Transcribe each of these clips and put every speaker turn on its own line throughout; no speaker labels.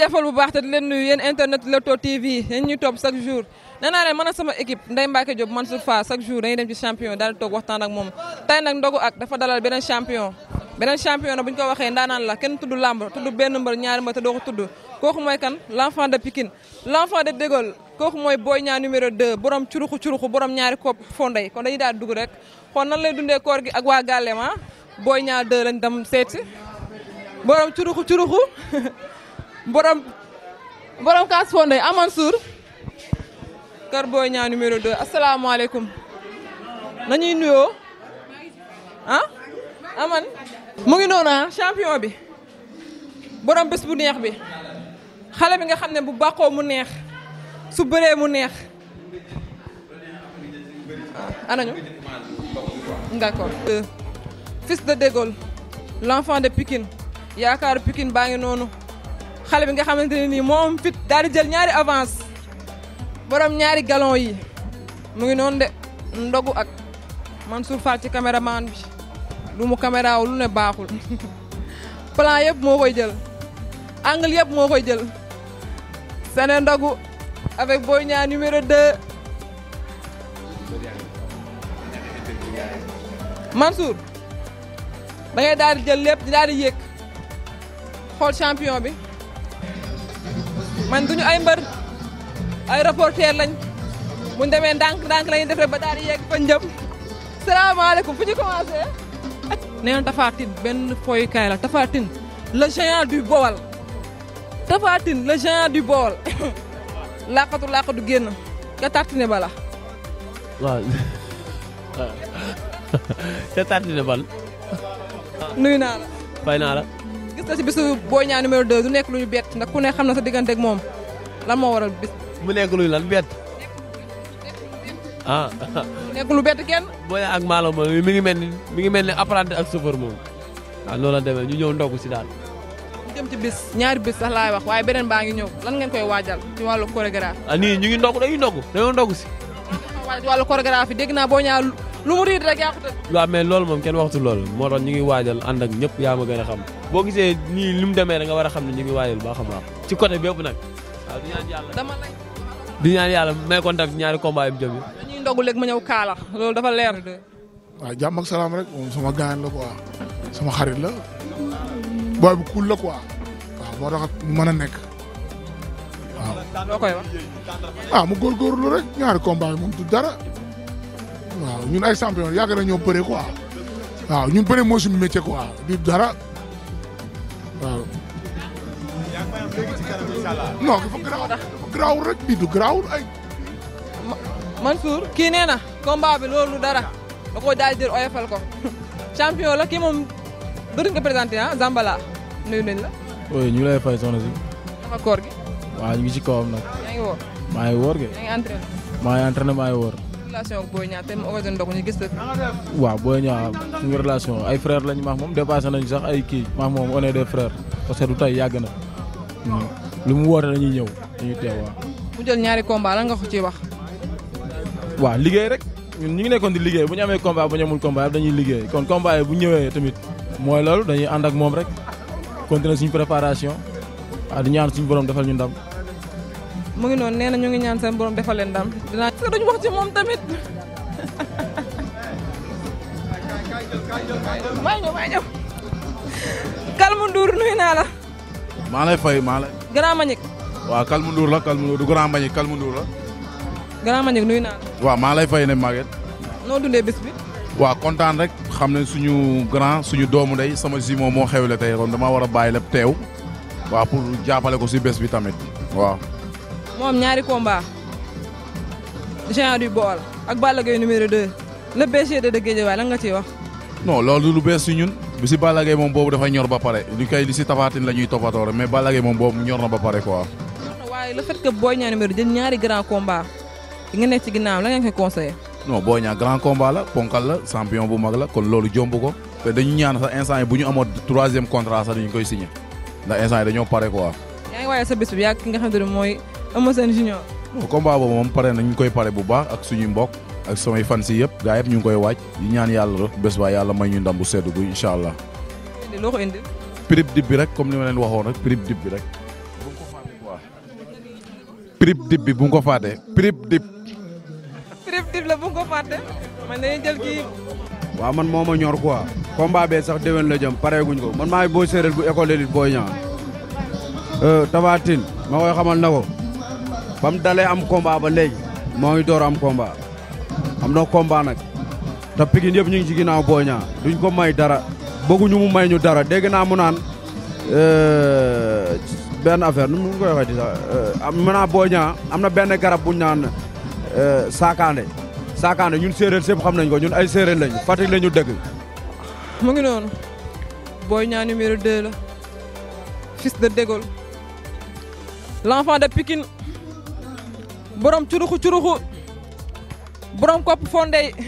jaajëfal bu baax te di leen nuyu yéen internet TV yéen ñuy topp chaque jour nee naa leen sama équipe Ndeye Mbacke Diop Mansour Fa chaque jour dañuy dem champion daal toog waxtaan ak moom tey nag ndogu ak dafa dalal beneen champion beneen champion na bu ñu ko waxee ndaanaan la kenn tudd làmb tudd benn mbër ñaari mbër te doo ko tudd kooku mooy kan l' enfant de Pikine l' enfant kooku mooy Boy Niang numéro 2 borom curuxu curuxu gi ak waa Gallema ah. Boy Niang 2 lañ dem borom borom kaas fonde suur kër ñaa Niang numéro 2 asalaamaaleykum nañuy nuyoo ah mu ngi noonu ah champion bi borom bés bu neex bi xale bi nga xam ne bu bàqoo mu neex su bëree mu neex ah, anañu d'accord euh, fils de Dégol l'enfant de Pikine yaakaaru Pikine baa ngi noonu xale bi nga xamante ne nii moo am fit daal di jël ñaari avance borom ñaari galon yi mu ngi noon de ndogu ak Mansour Fall ci caméraman bi lu mu caméra wu lu ne baaxul plan yëpp moo koy jël angle yëpp moo koy jël sene ndogu avec Boy ñaar numéro de Mansour da ngay daal jël lépp di daal di yéeg xool champiyon bi man duñu ay mbër ay reporter lañ buñ demee ndànk-ndànk lañuy def ba daal di yegg fañ jëm salaamaaleykum fu ñu commencé. nee na Tapha benn foyukaay la Tapha Tine le du Baol Tapha Tine le du Baol laqatu laqatu génn ca tartine ba la.
waaw
ca tartine ba fay naa la.
gis nga si bisu Boy Niang numéro 2 du nekk lu ñu bett ne xam na sa moom
lan moo waral bis. mu nek luy lan bet ah.
nekk lu bett kenn.
Boy Niang ak Malo moom mi ngi mel ni mi ngi mel ni apprenti ak chauffeur moom waaw ah, loolu la ñu ñëw ndogg si daal. ñu
jëm ci bis ñaari bis sax laay wax waaye beneen baa ngi ñëw lan ngeen koy waajal ci wàllu chorégraphe.
ah nii ñu ngi ndogg dañuy ndogg dañoo ndogg si.
waajal ci wàllu chorégraphe yi naa Boy Niang lu mu riit rek yaa ko
loolu moom kenn waxtu loolu moo tax ñu ngi waajal ànd ak ñëpp yaa ma gën a xam boo gisee nii li mu demee da war a xam ne ñu ngi waajal baax a baax ci côté bépp nag
waaw
di ñaan yàlla dama
lay di ñaari combat yi mu jëm
yi. ma ñëw kaala loolu dafa leer de.
jàmm ak salaam rek moom sama gaañ la quoi sama xarit la booy bu la quoi waaw moo mën a nekk
waaw. loo koy wax.
ah mu góorgóorlu rek ñaari combat yi moom dara. waaw ñun ay champion yàgg na ñoo bëre quoi waaw ñun bëre moo suñu métier quoi du dara waaw. non dafa
garaaw dafa rek bii du garaawul ay. Mansour kii nee na combat bi loolu dara da koo jaay jël oyofal ko champion la kii moom dëgg nga présenté ah Zambala nuyu nañ la.
oui ñu lay fay soxna si. dafa koor ngi ci kawam nag. yaa ngi woor. maa ngi woor kay. yaa ngi entraîné. maa maa ngi woor.
relation ak Boy Niang te mu organisé ndox ñu gis
suñu relation ay frère lañu maax moom dépassé nañu sax ay kii maax moom on est des parce que du tey yàgg na hmm. lu mu woote dañuy ñëw dañuy teew
waaw. ñaari combat lan nga ko ciy wax.
waaw liggéey rek ñun ñu ngi nekkoon di liggéey bu ñu amee combat bu ñu amul combat dañuy liggéey kon combat yi bu ñëwee tamit moo loolu dañuy ànd moom rek continuer suñu préparation waaw di ñaan suñu borom defal ñu ndam.
mu ngi noonu ñu ngi ñaan seen borom que duñ wax ci moom tamit. maa ñëw maa ñëw. Kalmu Ndour naa la.
maa lay fay maa lay. Grand Mbagnick. waaw Kalmu la Kalmu du Grand Mbagnick Kalmu la.
Grand Mbagnick nuyu naa la.
waaw maa lay fay ne Maguette.
noo dundee bis bi.
waaw kontaan rek xam ne suñu grand suñu doomu ndey sama jumeau moo xewle tey kon war a bàyyi lépp teew. waaw pour jàppale ko si bés bi tamit waaw.
moom ñaari combat. géant du Baol ak Balla Gaye numéro 2 le BG de Guédiawaye lan nga ciy wax.
non loolu lu bees si ñun bi si Balla Gaye moom boobu dafa ñor ba pare li kay li si tafaatin la ñuy toppatoo rek moom boobu ñor na ba pare quoi.
waaye le fait que Boy Niang numéro ñaari grand combat nga nekk ci ginnaaw la nga koy conseillé.
non Boy grand combat la ponkal la champion bu mag la kon loolu jomb ko te dañu ñaan sax instant yi bu ñu amoon troisième non combat boobu moom pare na ñu koy pare bu baax ak suñuy mbokk ak samay fans yi yëpp gaa yëpp ñu ngi koy waaj yi ñaan yàlla rek bés ba yàlla may ñu ndam bu seedu gu incha allah. loo ko indi. bi rek comme ni ma leen waxoon rek prib dib bi rek. bu mu ko faatee bu ko faatee prib dib.
prib dib la bu mu ko faatee. man dañuy jël kii.
waaw man moo ma ñor quoi. combat bee sax déwén la jëm pareeguñ ko man maay booy séeréer bu école élite booy ñaa. Euh, Tapha Tine koy xamal na ko. ba mu dalee am combat ba léegi moo door am combat am na combat nag te Pikine yëpp ñu ngi ci ginnaaw Boy duñ ko may dara bëgguñu mu may ñu dara dégg naa mu naan euh, benn affaire nu mu koy waxee di sax euh, mu am na benn garab buñ naan euh, saakaande saakaande ñun séeréer sépp xam nañ ko ñun ay séeréer lañu Fatick lañu dëgg.
mu ngi noonu Boy Niang numéro 2 la fils de borom curuxu curuxu borom kopp fondey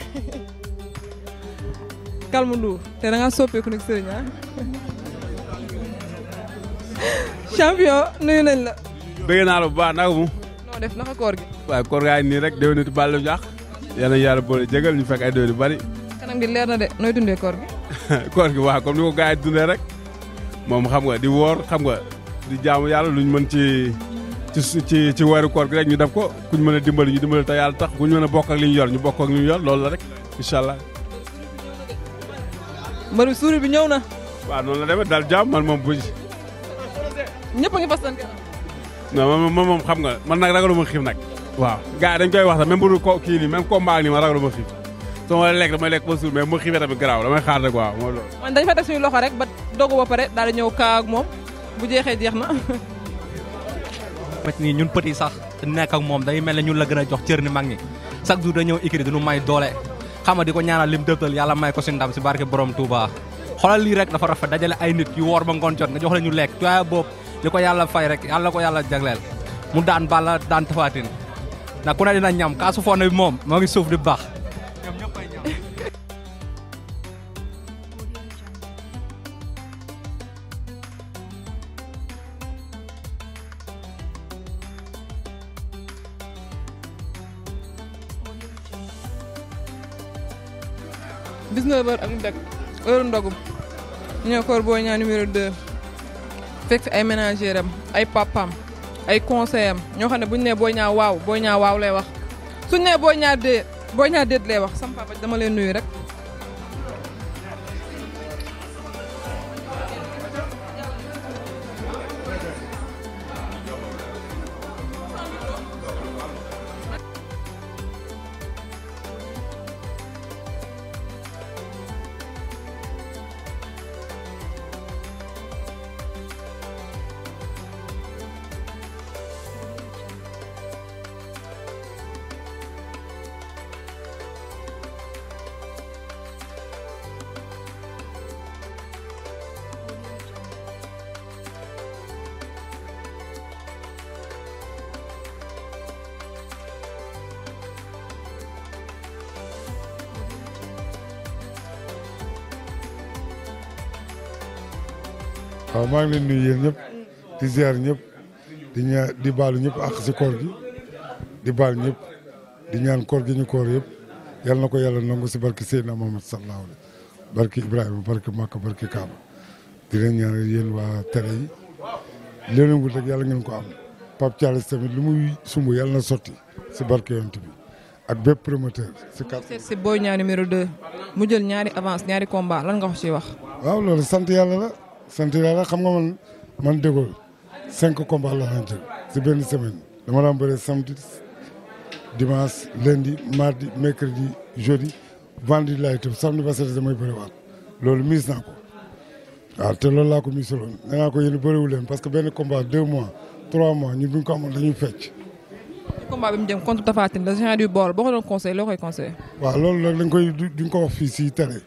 Calme Ndour te da ngaa soppeeku nag sëriñ ah nuyu nañ la.
bëgg naa la bu baax nagamu.
noo def naka koor gi.
waaw koor gaa nii rek déwénati bàllu ñax yàlla yàlla boole jégal ñu fekk ay déwén yu bari.
kanam gi leer na de nooy dundee koor gi.
koor gi waaw comme ni ko gaa yi rek moom xam nga di woor xam nga di jaamu yàlla luñ mën ci. ci ci ci weeru koor gi ñu def ko kuñ mën a dimbali ñu dimbali te yàlla tax kuñ mën a bokkal ak li ñu yor ñu bokk ak li ñu yor loolu la rek incha allah. mbaru suuri bi ñëw na. waaw noonu la demee daal jàmm man moom bu ji. ñëpp a ngi fas seen kanam. non moom xam nga man nag ragaluma xiif nag. waa gars yi dañ koy wax sax même bu dul ko kii nii ko combat nii ma ragaluma xiif. soo ma lekk damay lekk ba suur mais bu ma xiifee tamit garaaw damay xaar rek waaw mooy loolu.
man dañ fa teg suñu loxo rek ba na
xamante ni ñun petit sax nekk ak moom day mel ne la gën a jox cër ni mag ñi chaque jour dañoo écrit dañu may doole xam nga di ko ñaanal lim dëbtal yàlla may ko si ndam si barke borom rek dafa rafet dajale ay nit yu woor ba ngoon jot nga jox ñu lekk tuwaay boobu li ko yàlla fay rek yàlla ko yàlla jagleel mu daan Balla daan Tapha Tine ku ne dina ñam kaasu foone bi moom moo ngi suuf di baax
19 heures ak mu teg heure ndogu ñu ne koor Boy Niang numéro 2 fekk ay ménagère am ay papam ay conseil ñoo xam ne bu ñu nee Boy Niang waaw boo ñaa waaw lay wax suñ ne boo Niang dé Boy Niang déet lay wax sampaa papa dama leen nuyu rek.
waaw maa ngi leen nuyu yéen ñëpp di ziar ñëpp di ñaa di baalu ñëpp ak si koor gi di baal ñëpp di ñaan koor gi ñu koor yëpp yal na ko yàlla nangu si barki Seydina Muhammad sallallahu alayhi barki Ibrahima barki Makka barki Kaaba di leen ñaanal yéen waa tere yi leneen wut rek yàlla ngeen ko am Pape Thialis tamit lu muy sumbu yàlla na sotti si barki yonent bi ak bépp promoteur si kàddu gi. si
Boy Niang numéro mu jël ñaari avance ñaari combat lan nga ko ciy wax.
waaw loolu sant yàlla sant yàlla xam nga man man déggool cinq combats la daan si benn semaine dama daan bëre samedi dimanche lundi mardi mercredi jeudi vendredi laay tëb samedi ba samedi damay bëriwaat loolu miis naa ko waaw ah, te loolu laa ko miisaloon nee naa ko yéen bëriwu leen parce que benn combat deux mois trois mois ñun bu ñu ko amoon dañuy fecc.
combat bi mu jëm contre Tapha Tine boo ko doon conseil loo koy conseil
waaw loolu nag dañ koy duñ ko wax fii si tere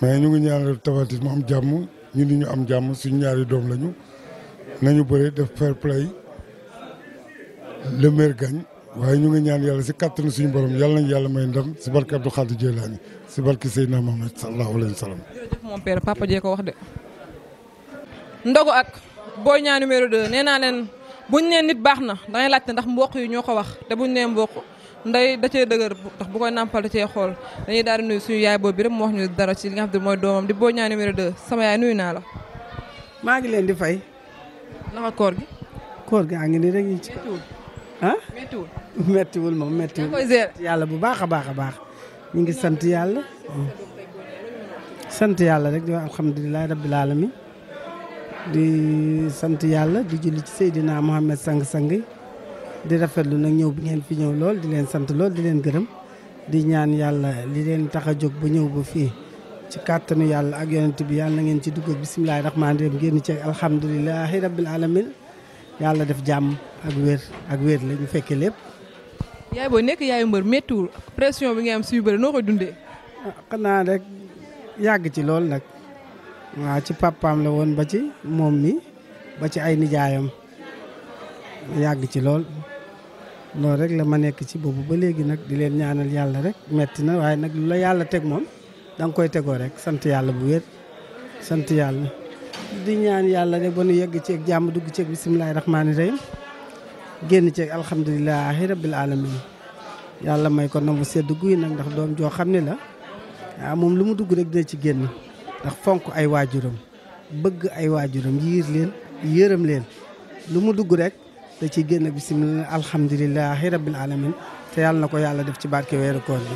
mais ñu ngi ñu ni ñu am jàmm suñu ñaari doom lañu nañu bëre def fair play le waaye ñu ngi ñaan yàlla si kàttanu suñu borom yàlla nañu yàlla may ndam si barke Abdou Khadir Jeylaani si barke Seydina Mohamed sallallahu alayhi wa sallam.
jërëjëf moom père papa jee ko wax de. ndogu ak Boy Niang numéro 2 nee naa leen buñ nee nit baax na dangay laajte ndax mboq yi ñoo ko wax te buñ nee mboq. ndey da cee dëgër tax bu koy nàmpal da cee xool dañuy daal di nuyu suñu yaay boobu rek mu wax ñu dara ci li nga mooy doomam di Boy Niang numéro 2 sama yaay nuyu naa la. maa ngi leen di fay. naka koor gi.
koor gi a ngi nii rek ñu yàlla bu baax a baax a baax. ñu ngi sant yàlla. sant yàlla rek di wax alhamdulilah rabbil alamin di sant yàlla di julli ci Seydina Mohamed sang sang di rafetlu nag ñëw bi ngeen fi ñëw lool di leen sant lool di leen gërëm di ñaan yàlla li leen tax a jóg ba ñëw ba fii ci kàttanu yàlla ak yonent bi yàlla na ngeen ci dugg bisimilahi rahmaani rahim génn ci alhamdulilahi rabbil alamin yàlla def jàmm ak wér ak wér la ñu fekkee lépp.
yaay boo nekk yaayu mbër méttiwul pression bi nga am suy bëri noo koy dundee. Ah, xanaa rekk yàgg ci
lool nag waa ci papaam la woon ba ci moom mi ba ci ay nijaayam yàgg ci lool. lool rek la ma nekk ci boobu ba léegi nag di leen ñaanal yàlla rek metti na waaye nag lu la yàlla teg moom danga koy tegoo rek sant yàlla bu wér sant yàlla di ñaan yàlla rek ba nu yegg ci ak jàmm dugg ci ak bisimilahi rahmaani rahim génn ci ak alhamdulilahi rabbil alamin yàlla may ko nangu sedd guy nag ndax doom joo xam ne la ah moom lu mu dugg rek dina ci génn ndax fonk ay waajuram bëgg ay waajuram yiir leen yërëm leen lu mu dugg rek da ciy génn bisimilah alhamdulilahi rabbil alamin te yàlla na ko yàlla def ci barke weeru koor bi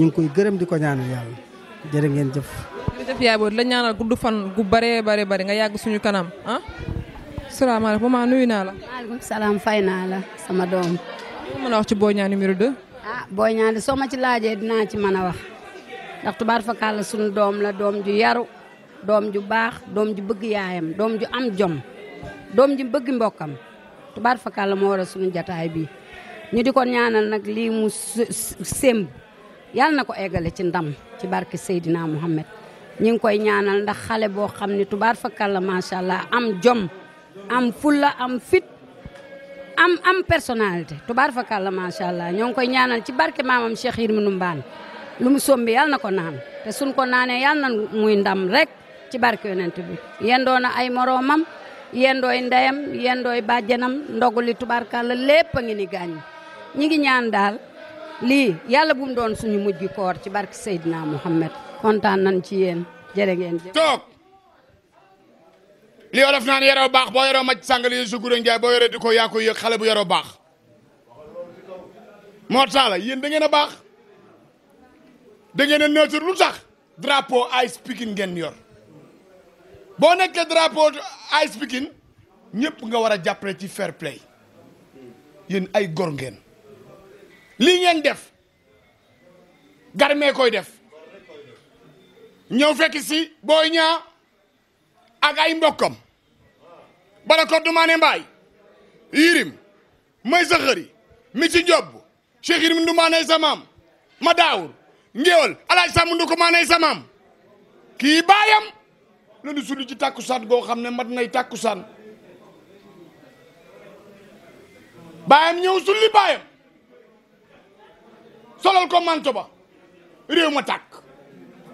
ñu ngi koy gërëm di ko ñaanal yàlla jërë ngeen jëf.
jërëjëf yaay boobu la ñaanal gudd fan gu bëree bëri bëri nga yàgg suñu kanam ah.
salaamaaleykum maa nuyu naa la. maaleykum salaam fay naa la sama doom. li mën a wax ci Boy Niang numéro 2. ah Boy soo ma ci laajee dinaa ci mën a wax ndax tubaar fakkaar la suñu doom la doom ju yaru doom ju baax doom ju bëgg yaayam doom ju am jom doom ju bëgg mbokkam. tubaar fakal la moo waral suñu jataay bi ñu di ko ñaanal nag lii mu sémb yàlla na ko eggale ci ndam ci barke Seydina Muhammad ñu ngi koy ñaanal ndax xale boo xam ne tubaar fakal la macha allah am jom am fulla am fit am am personnalité tubaar fakal la macha allah ñoo ngi koy ñaanal ci barke maamam Cheikh Yirminu Mbaan lu mu sombi yàlla na ko naan te suñ ko naanee yàlla na muy ndam rek ci barke yonent bi yendoo na ay moroomam dooy ndeyam yendooy bàjjanam ndoguli tubarkalla lépp a ngi ni gaañ ñi ngi ñaan daal lii yàlla bu doon suñu mujj koor ci barke Seydina Muhammad kontaan nañ ci yéen jërë ngeen jëf. toog
li olof naan yoroo baax boo yoroo maj sàngal yi su guré njaay boo yoree di ko yaa yëg xale bu yoroo baax moo tax la yéen a baax da ngeen a neutre lu tax drapeau ay speaking ngeen yor boo nekkee drapeau AS Pikine ñëpp nga war a jàppale ci fair play yéen ay gor ngeen lii def Garmé koy def ñëw fekk si Boy Niang ak ay mbokkam bala ko dumaane mbaay yirim may sa mi ci job Cheikh Yirim ndumaanay sa ma daawur ngéwal alaaj sàmm ndu ko maanay kii baayam lanu sulu ci tàkkusaan goo xam ne mat nay tàkkusaan baayam ñëw sulli baayam solal ko manto ba réew ma tàkk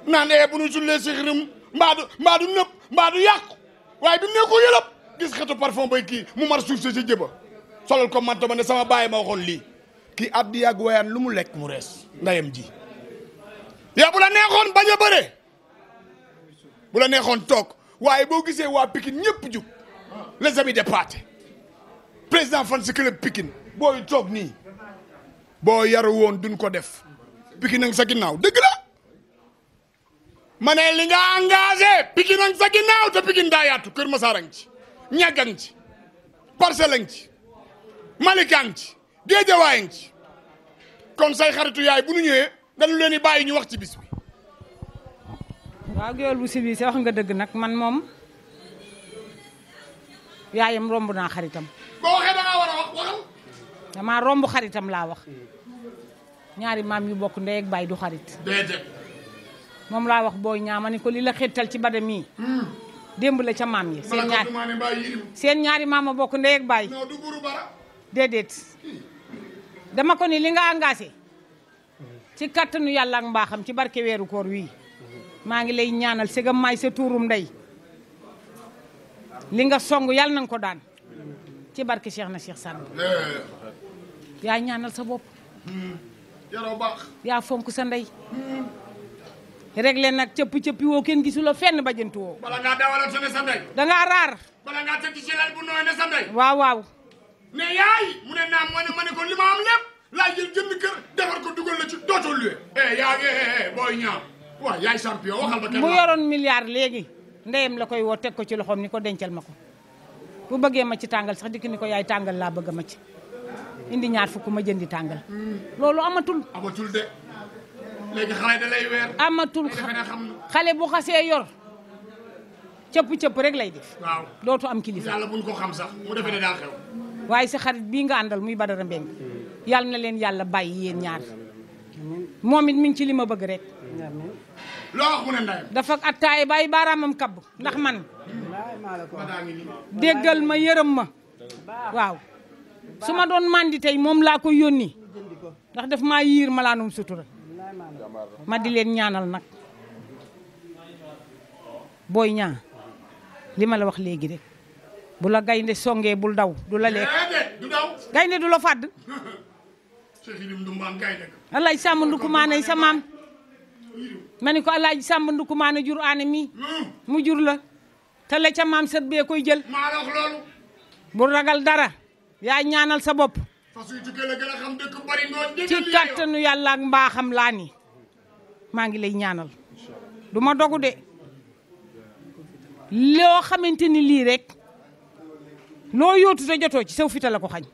naan ee eh, bu nu sullee si xirim mbaadu mbaadu nëpp mbaadu yàqu waaye du mu ne ko yëlëb gis xetu parfum bay kii mu mar suuf si si jëba solal ko manto ba ne sama baay ma waxoon lii kii di yàgg wayaan lu mu lekk mu rees ndayam ji yow bu la neexoon bañ a bëre bu la neexoon toog waaye boo gisee waa pikin ñëpp jug les amis de Pathé président fan si club Pikine booy toog nii boo yaru woon duñ ko def Pikine nag sa ginnaaw dëgg la ma ne li nga engagé Pikine nag sa ginnaaw te Pikine daa Kër Masar a ngi ci Niaga a ngi ci Parcelles ci Malika ci Guédiawaye ci kon say xaritu yaay bu nu ñëwee dañu leen di yi
ñu wax ci bis waaw géwél bu civilisé wax nga dëgg nag man moom yaayam romb naa xaritam. boo damaa romb xaritam laa wax ñaari maam yu bokk ndey ak baay du xarit. moom laa wax booy ñaama ni ko li la xettal ci bada mii. Hmm. démb la ca maam yi. seen ñaari maam a bokk ndey ak du buru déedéet dama ko ni li nga engagé. ci kàttanu yàlla mbaaxam ci barke weeru koor wii. maa ngi lay ñaanal segam maay sa tuurum ndey li nga song yàlla na ko daan ci barke Cheikh na Cheikh Samb yaa ñaanal sa bopp hmm. yaroo baax yaa fonk sa ndey hmm. réglé nag cëpp-cëppi woo kenn gisuloo fenn bajantu woo
bala ngaa
sa raar waaw waaw mais yaay mu
ne naa moo ne ko li ma am lépp laa jël jënd kër defar ko dugal la ci dootoo luwe eh yaa ngi eh, eh, eh, booy ñaam waaw yaay champion waxal ba kenn bu yoroon
milliard léegi ndeyam la koy woo teg ko ci loxoom ni ko dencal ma ko bu bëggee ma ci tàngal sax dikk ni ko yaay tàngal laa bëgg ma ci indi ñaar fukk ma jëndi tàngal hmm. loolu amatul amatul de léegi xale bu xasee yor cëpp cëpp rek lay def waaw dootu am kilifa yàlla xam sax waaye si xarit bii nga àndal muy Badara Mbeng yàlla na leen yàlla bàyyi yéen ñaar moom it mi ci li ma bëgg rek loo dafa attaay bàyyi baaraamam kabb ndax man déggal ma yërëm ma waaw su ma doon mandi moom laa ko yónni ndax daf maa yiir malaanum sutura ma di leen ñaanal nag booy ñaa li ma la wax léegi rek bu la gaynde songee bul daw du la lekk gaynde du la fàdd alaay sàmm ndukumaanay sa mani ni ko alaaji Sàmba Ndukumaane jur aane mii hmm. mu jur la te ca maam sët bee koy jël maa bu ragal dara yaa ñaanal sa bopp
fasuy tukkee la gën a xam
yàlla mbaaxam laa ni maa ngi lay ñaanal du ma dogu de loo xamante ni lii rekk loo yóotu te jotoo ci saw fita ko xañ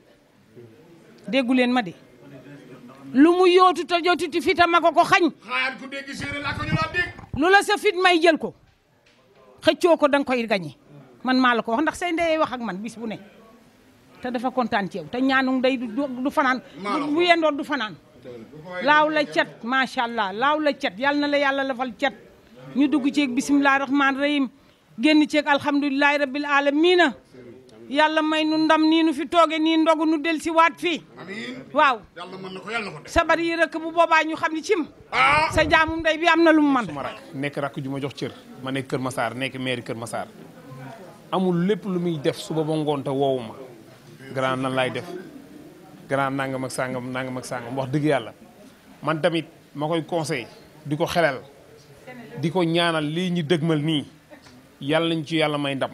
déggu leen ma de lu mu yóotu te yóotu te fitam ma ko ko xañ. xaar ku dégg séeréer laa ko ñu laa lu la sa fit may jël ko xëccoo ko danga koy gañe man maa la ko wax ndax say ndeyay wax ak man bis bu ne te dafa kontaan ci yow te ñaanu day du fanaan. bu yendoon du fanaan. laaw la cat macha laaw la cat yal na la yàlla lafal cat. ñu dugg ceeg bisimilah rahmaani rahim génn ceeg alhamdulilahi rabil alamina yàlla may nu ndam nii nu fi toogee nii ndogu nu del si waat fi waaw yàlla mën na sabar yi rëkk bu boobaa ñu xam ni cim ah. sa jaamum day bi am na lu mu man suma rakk
nekk rakk ju ma jox cër ma nekk Kër Massar nekk maire Kër Massar amul lépp lu muy def suba ba ngoon woowuma woowu nan laay def grand nangam ak sàngam nangam ak sàngam wax dëgg yàlla man tamit ma koy conseil di ko xelal di ko ñaanal lii ñu dëgmal nii yàlla ñu ci yàlla may ndam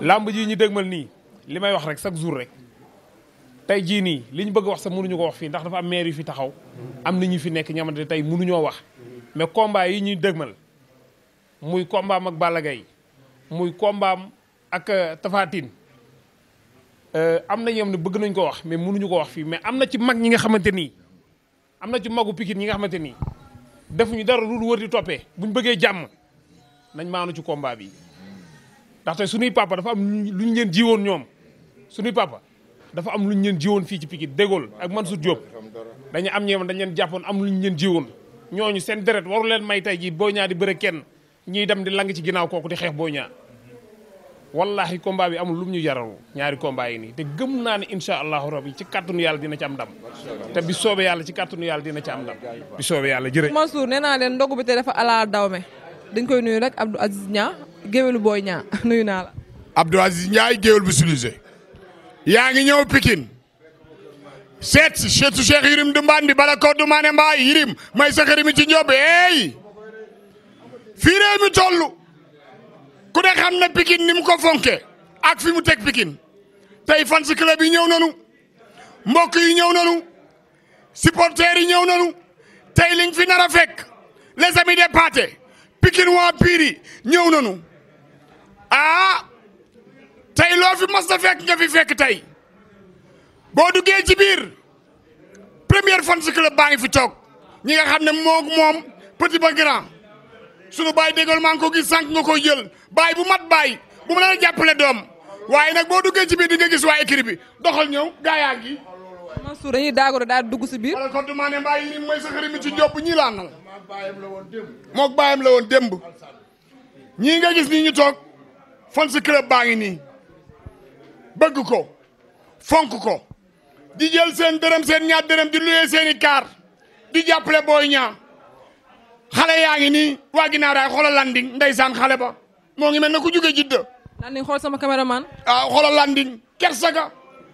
làmb ji ñu dégmal nii li may wax rek chaque jour rek tey jii nii li ñu bëgg wax sax mënuñu ko wax fii ndax dafa am maire yu fi taxaw am na ñu fi nekk ñamante tey mënuñoo wax mais combat yi ñuy dégmal muy combat ak Balla muy combat ak euh, Tapha Tine euh, am na ñoom ne bëgg nañ ko wax mais mënuñu ko wax fii mais am na ci mag ñi nga xamante nii am na ci magu Pikine ñi nga xamante nii defuñu dara lu wër di toppee buñ bëggee jàmm nañ maanu ci combat bi ndaxte suñuy papa dafa am luñ leen jiwoon ñoom suñuy papa dafa am lu luñ leen jiwoon fii ci Pikine De ak Mansour Diop dañu am ñeewoon dañ leen jàppoon am ñu leen jiwoon ñooñu seen deret waru leen may tey jii Boy Niang di kenn ñiy dem di lang ci ginnaaw kooku di xeex Boy Niang wallahi combat bi amul lum ñu yaralu ñaari combat yi nii te gëm naa ne incha allahu yi ci kàttanu yàlla dina ci am ndam te bi soobee yàlla ci kàttanu yàlla dina ci am ndam bi soobee yàlla jërëjëf Mansour
nee naa leen ndogu bi te dafa ala dawme dañ koy nuyu rek Abdou Aziz Niang géwélu booy Niang
nuyu naa la. Abdou Aziz Niang géwél bu Sulise. yaa ngi ñëw Pikine seet si seetu Cheikh Yirim Dumbandi bala ko dumaane mbaay Yirim may sakari mi ci njóob eey fii mi toll ku ne xam na Pikine ni ko fonke ak fi mu teg Pikine tey fans club yi ñëw nanu mbokk yi ñëw nanu supporters yi ñëw nanu tey liñ fi nar fekk les amis des pâtés Pikine waa piir yi ñëw nañu ah tey loo fi mas a fekk nga fi fekk tey boo duggee ci biir première fan si club baa ngi fi toog ñi nga xam ne moom moom petit ba grand sunu baay déggal maa ngi ko gis sànq nga koy jël baay bu mat baay bu mu la jàppale doom waaye nag boo duggee ci biir gis waa écrit bi doxal ñëw gaa yaa ngi. Mansour dañuy daagoro daal dugg si biir. wala kon du maa ne mbaa yi nii mooy sa xarit mi ci jóg bu ñii laa mook baayam la woon démb ñii nga gis nii ñu toog fan si club baa ngi nii bëgg ko fonk ko di jël seen dërëm seen ñaar dërëm di luyee seen kaar di jàppale booy ñaa xale yaa ngi nii waa ginnaaw raay xoolal nday ndeysaan xale ba moo ngi mel na ku jóge jidda landing xool sama caméraman ah xoolal landing kersa ga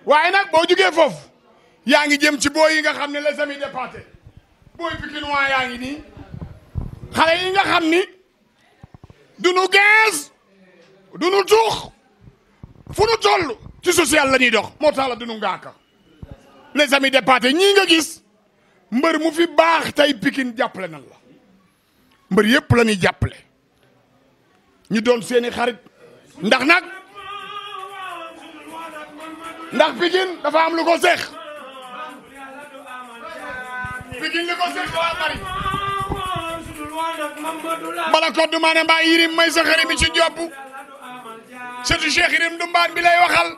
waaye nag boo jógee foofu yaa ngi jëm ci booy yi nga xam ne les amis départé booy pikinois yaa ngi nii xale yi nga xam ni du nu gaz du nu tuux fu nu toll ci social la ñuy dox moo tax la du nu ngaaka les amis de Pathé ñii nga gis mbër mu fi baax tey Pikine jàppale nan la mbër yépp la jàppale ñu doon seeni xarit ndax nag ndax Pikine dafa am lu ko seex bala ko du maane mbaa yirim may sa xarit bi ci jopp
surtout Cheikh Yirim Dumbaan bi lay waxal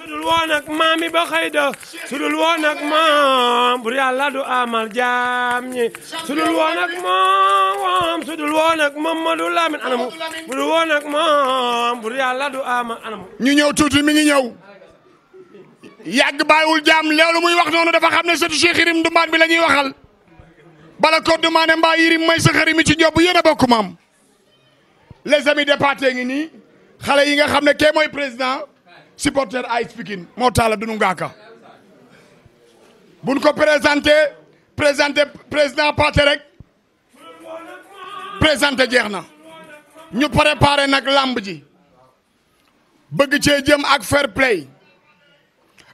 sudul woon ak maam yi ba xëy da sudul woon ak maam bur yàlla du amal jaam ñi ñu ñëw tuuti mi ngi ñëw yàgg
bàyyiwul jaam loolu muy wax noonu dafa xam ne surtout Cheikh Yirim Dumbaan bi la ñuy waxal bala ko demandé mbaa yirim may sa xarit mi ci job yéen a bokk maam les amis départé ngi nii xale yi nga xam ne kee mooy président supporter AS Pikine moo taala dunu ngaaka buñ ko présenté présenté président parté rek présenté jeex na ñu préparé nag làmb ji bëgg ci jëm ak fair play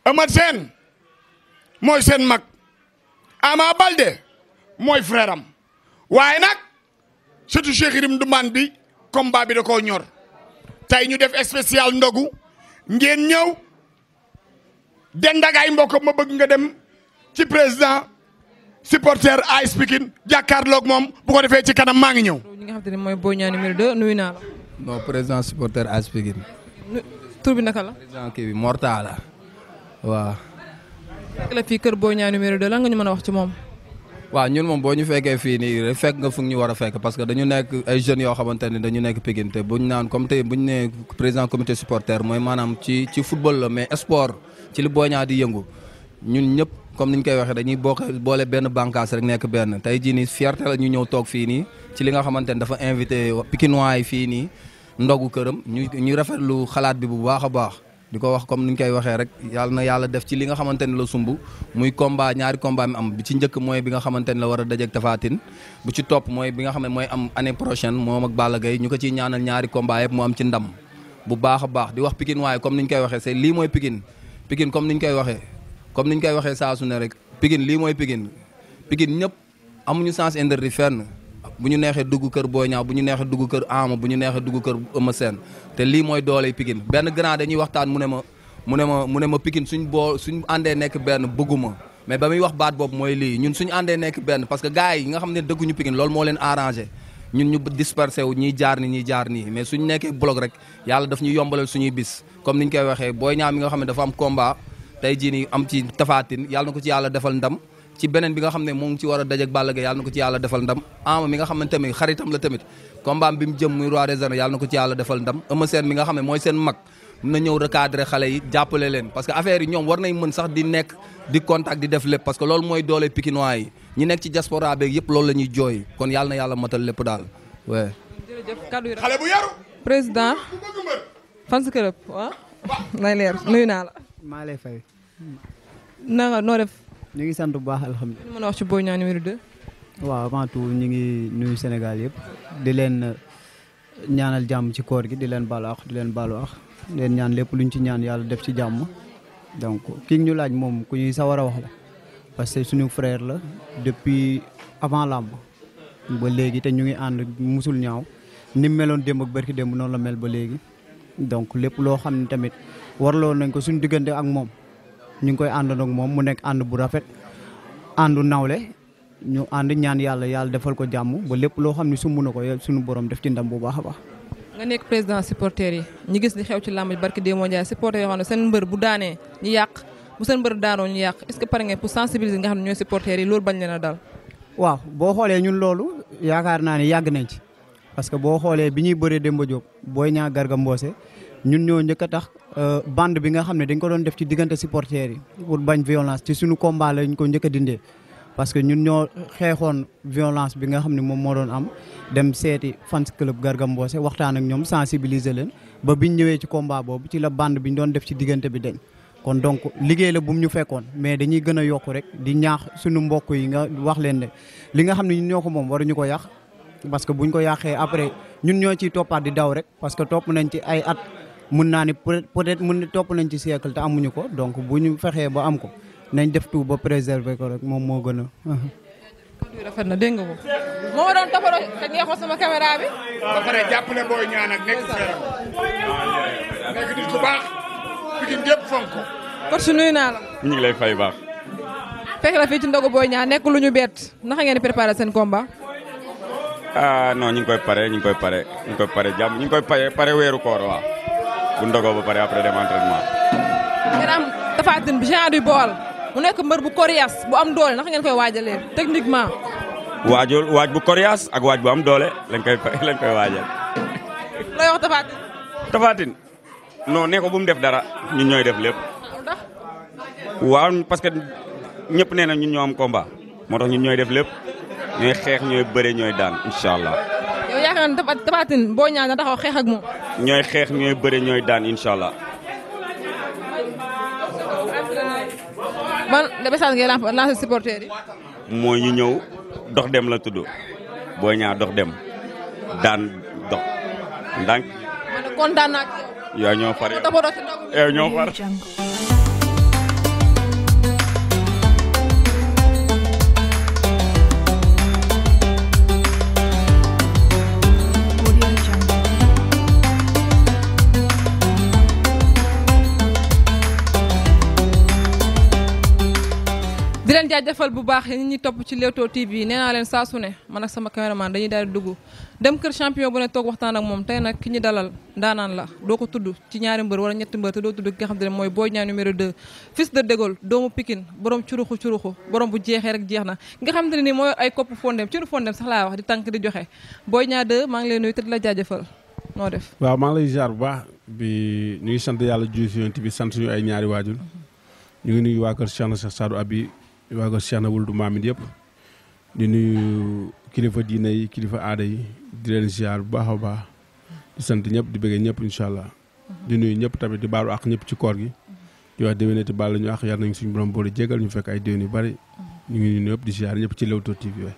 Eumeu Sène mooy seen mag Ama Baldé mooy frère am waaye nag surtout Cheikh Yérim Ndoumane bi combat bi koo ñor tay ñu def spécial ndogu ngeen ñëw den dagaay mbokk ma bëgg nga dem ci président supporter AS Pikine jàkkaarloog moom bu defee ci kanam maa ngi ñëw.
ñi nga xam te ne mooy Boy Niang numéro 2 nuyu naa la.
non président supporter AS Pikine. tur bi naka la. président kii bi Mortala waaw.
fekk la fii kër Boy Niang numéro 2 nga ñu mën a wax ci moom.
waaw ñun moom boo ñu fekkee fii nii fekk nga fu ñu war a fekk parce que dañu nekk ay jeunes yoo xamante ne dañu nekk Pikine te buñ naan comme tey buñ ne président comité supporter mooy maanaam ci ci football la mais sport ci li Boy Niang di yëngu ñun ñëpp comme niñ koy waxee dañuy bokk boole benn bànqaas rek nekk benn tey jii nii fierté ñu ñëw toog fii nii ci li nga xamante ne dafa invité Pikinois yi fii nii ndogu këram ñu ñu lu xalaat bi bu baax a baax. di ko wax comme ni ñu koy waxee rek yàlla na yàlla def ci li nga xamante ni la sumb muy combat ñaari combat mi am bi ci njëkk mooy bi nga xamante ni la war a dajeeg Tapha Tine bu ci topp mooy bi nga xam ne mooy am année prochaine moom ak Balla Gaye ñu ko ciy ñaanal ñaari combat yëpp mu am ci ndam bu baax a baax di wax Pikine waaye comme ni ñu koy waxee c'est lii mooy Pikine Pikine comme ni ñu koy waxee comme ni ñu koy waxee saa su ne rek Pikine lii mooy Pikine Pikine ñëpp amuñu sens interdit fenn bu ñu neexee dugg kër Boy Niang bu ñu neexee dugg kër Ama bu ñu neexee dugg kër Eumeu Sène te lii mooy doole Pikine benn grand dañuy waxtaan mu ne ma mu ne ma mu ne ma Pikine suñ boo suñ àndee nekk benn bëgguma mais ba muy wax baat boobu mooy lii ñun suñu àndee nekk benn parce que gars yi nga xam ne dëgguñu pikin lool moo leen arrangé ñun ñu dispersé wu ñiy jaar ni ñiy jaar nii mais suñu nekkee bloc rek yàlla daf ñu yombalal suñuy bis comme ni ñu koy waxee Boy Niang mi nga xam ne dafa am combat tey jii nii am ci tafaatin yàlla ko ci yàlla defal ndam ci beneen bi nga xam ne moo ngi ci war a dajeeg Balla Gaye yàlla na ko ci yàlla defal ndam Ama mi nga xam ne tamit xaritam la tamit combat bi mu jëm muy roi des arènes na ko ci yàlla defal ndam Eumeu Sène mi nga xam ne mooy seen mag na ñëw recadrer xale yi jàppale leen parce que affaire yi ñoom war nañ mën sax di nekk di contact di def lépp parce que loolu mooy doole pikinois ñi nekk ci diaspora beeg yëpp loolu la ñuy jooy kon yàlla na yàlla matal
ñu ngi sant bu baax alhamdulilah.
mën a wax ci Boy Niang numéro 2.
waaw avant tout ñu ngi nuyu Sénégal yëpp di leen euh, ñaanal jàmm ci koor gi di leen baalu àq di leen baalu wax leen ñaan lépp luñ ci ñaan yàlla def ci jàmm donc ki ñu laaj moom ku ñuy sawar a wax la parce que suñu frère la depuis avant làmb ba léegi te ñu ngi ànd musul ñaaw ni mu meloon démb ak barki démb noonu la mel ba léegi donc lépp loo xam ne tamit warloo nañ ko suñu diggante ak moom. ñu ngi koy àndandoo ak moom mu nekk ànd bu rafet àndu nawle ñu ànd ñaan yàlla yàlla defal ko jàmm ba lépp loo xam ne sumb na ko suñu borom def ci ndam bu baax a baax.
nga nekk président supporter yi ñu gis li xew ci làmb barki Demba Ndiaye supporter yoo xam ne yi loolu bañ leen a
waaw boo xoolee ñun loolu yaakaar naa ne yàgg nañ ci parce que boo xoolee bi ñuy bëree dem Diop booy ñaa Garga Mbossé ñun ñoo njëkk a Euh, bande bi nga xam ne dañ ko doon def ci diggante supporters yi pour bañ violence ci suñu combat lañ ko njëkk a dindee parce que ñun ñoo xeexoon violence bi nga xam ne moom moo doon am dem seeti fans club Garga Mbossé waxtaan ak ñoom sensibiliser leen ba biñ ñëwee ci combat boobu ci la bande bi ñu doon def ci diggante bi dañ kon donc liggéey la bu ñu fekkoon mais dañuy gën a yokk rek di ñaax suñu mbokk yi nga wax leen ne li nga xam ne ñun ñoo ko moom waruñu ko yàq parce que buñ ko yàqee après ñun ñoo ciy toppaat di daw rek parce ay at mun naa ni peut-être mun ni topp nañ ci siècle te amuñu ko donc bu ñu fexee ba am ko nañ def tout ba préserver ko rek moom moo gën a. Uh-huh.
rafet na dégg nga ko. moo doon pare
naa ñu ngi lay fay baax.
fekk la fii ci ndogu booy ñaan nekk lu ñu bett naka ngeen seen combat.
ah non ñu koy pare ñu koy pare ñu ngi koy pare jàmm ñu koy pare pare weeru koor waaw. bu ndogoo ba pare après dem entraînement.
ngeen am Tapha Tine bi genre bool mu nekk mbër bu coriace bu am doole naka ngeen koy waajalee techniquement.
waajul waaj bu coriace ak waaj bu am doole lañ koy lañ koy waajal. looy wax Tapha Tine. ko bu mu def dara ñu ñooy def lépp. waaw parce que ñëpp nee na ñun ñoo am combat moo tax ñun ñooy def lépp ñooy xeex ñooy bëre ñooy daan incha allah.
yow yaakaar naa Tapha Tine Boy Niang na taxaw xeex moom.
ñooy xeex ñooy bëre ñooy daan incha allah.
ban le message ngay lancé supporter yi.
ñu ñëw dox dem la tudd Boy Niang dox dem daan dox ndànk. man de kontaan ñoo far yow ñoo far.
leen jaajëfal bu baax yéen ñi topp ci Leewtoo TV nee naa leen saa su ne man ak sama caméraman dañuy daal di dugg dem kër champion bu ne toog waxtaan ak moom tey nag ki ñu dalal daanaan la doo ko tudd ci ñaari mbër wala ñetti mbër te doo tudd ki nga xam ne mooy Boy Niang numéro 2 fils de Dégol doomu Pikine borom curuxu curuxu borom bu jeexee rek jeex na nga xam ne ni mooy ay kopp fondem curu fondem sax laa wax di tànk di joxe Boy Niang 2 maa
bu baax bi ñu ngi sant yàlla julli ci Yonent bi sant suñu ay ñaari waajur mhm. ngi nuyu waa waa ko Cheikh na wul du maam it yëpp di nuyu kilifa diine yi kilifa aada yi di leen ziar bu baax a baax di sant ñëpp di bëggee ñëpp incha allah. di nuyu ñëpp tamit di baalu ak ñëpp ci koor gi. di wax déwénati baal la ñu ak yar nañu suñu borom boole jégal ñu fekk ay déwén yu bari ñu ngi nuyu ñëpp di ziar ñëpp ci Leewtoo TV.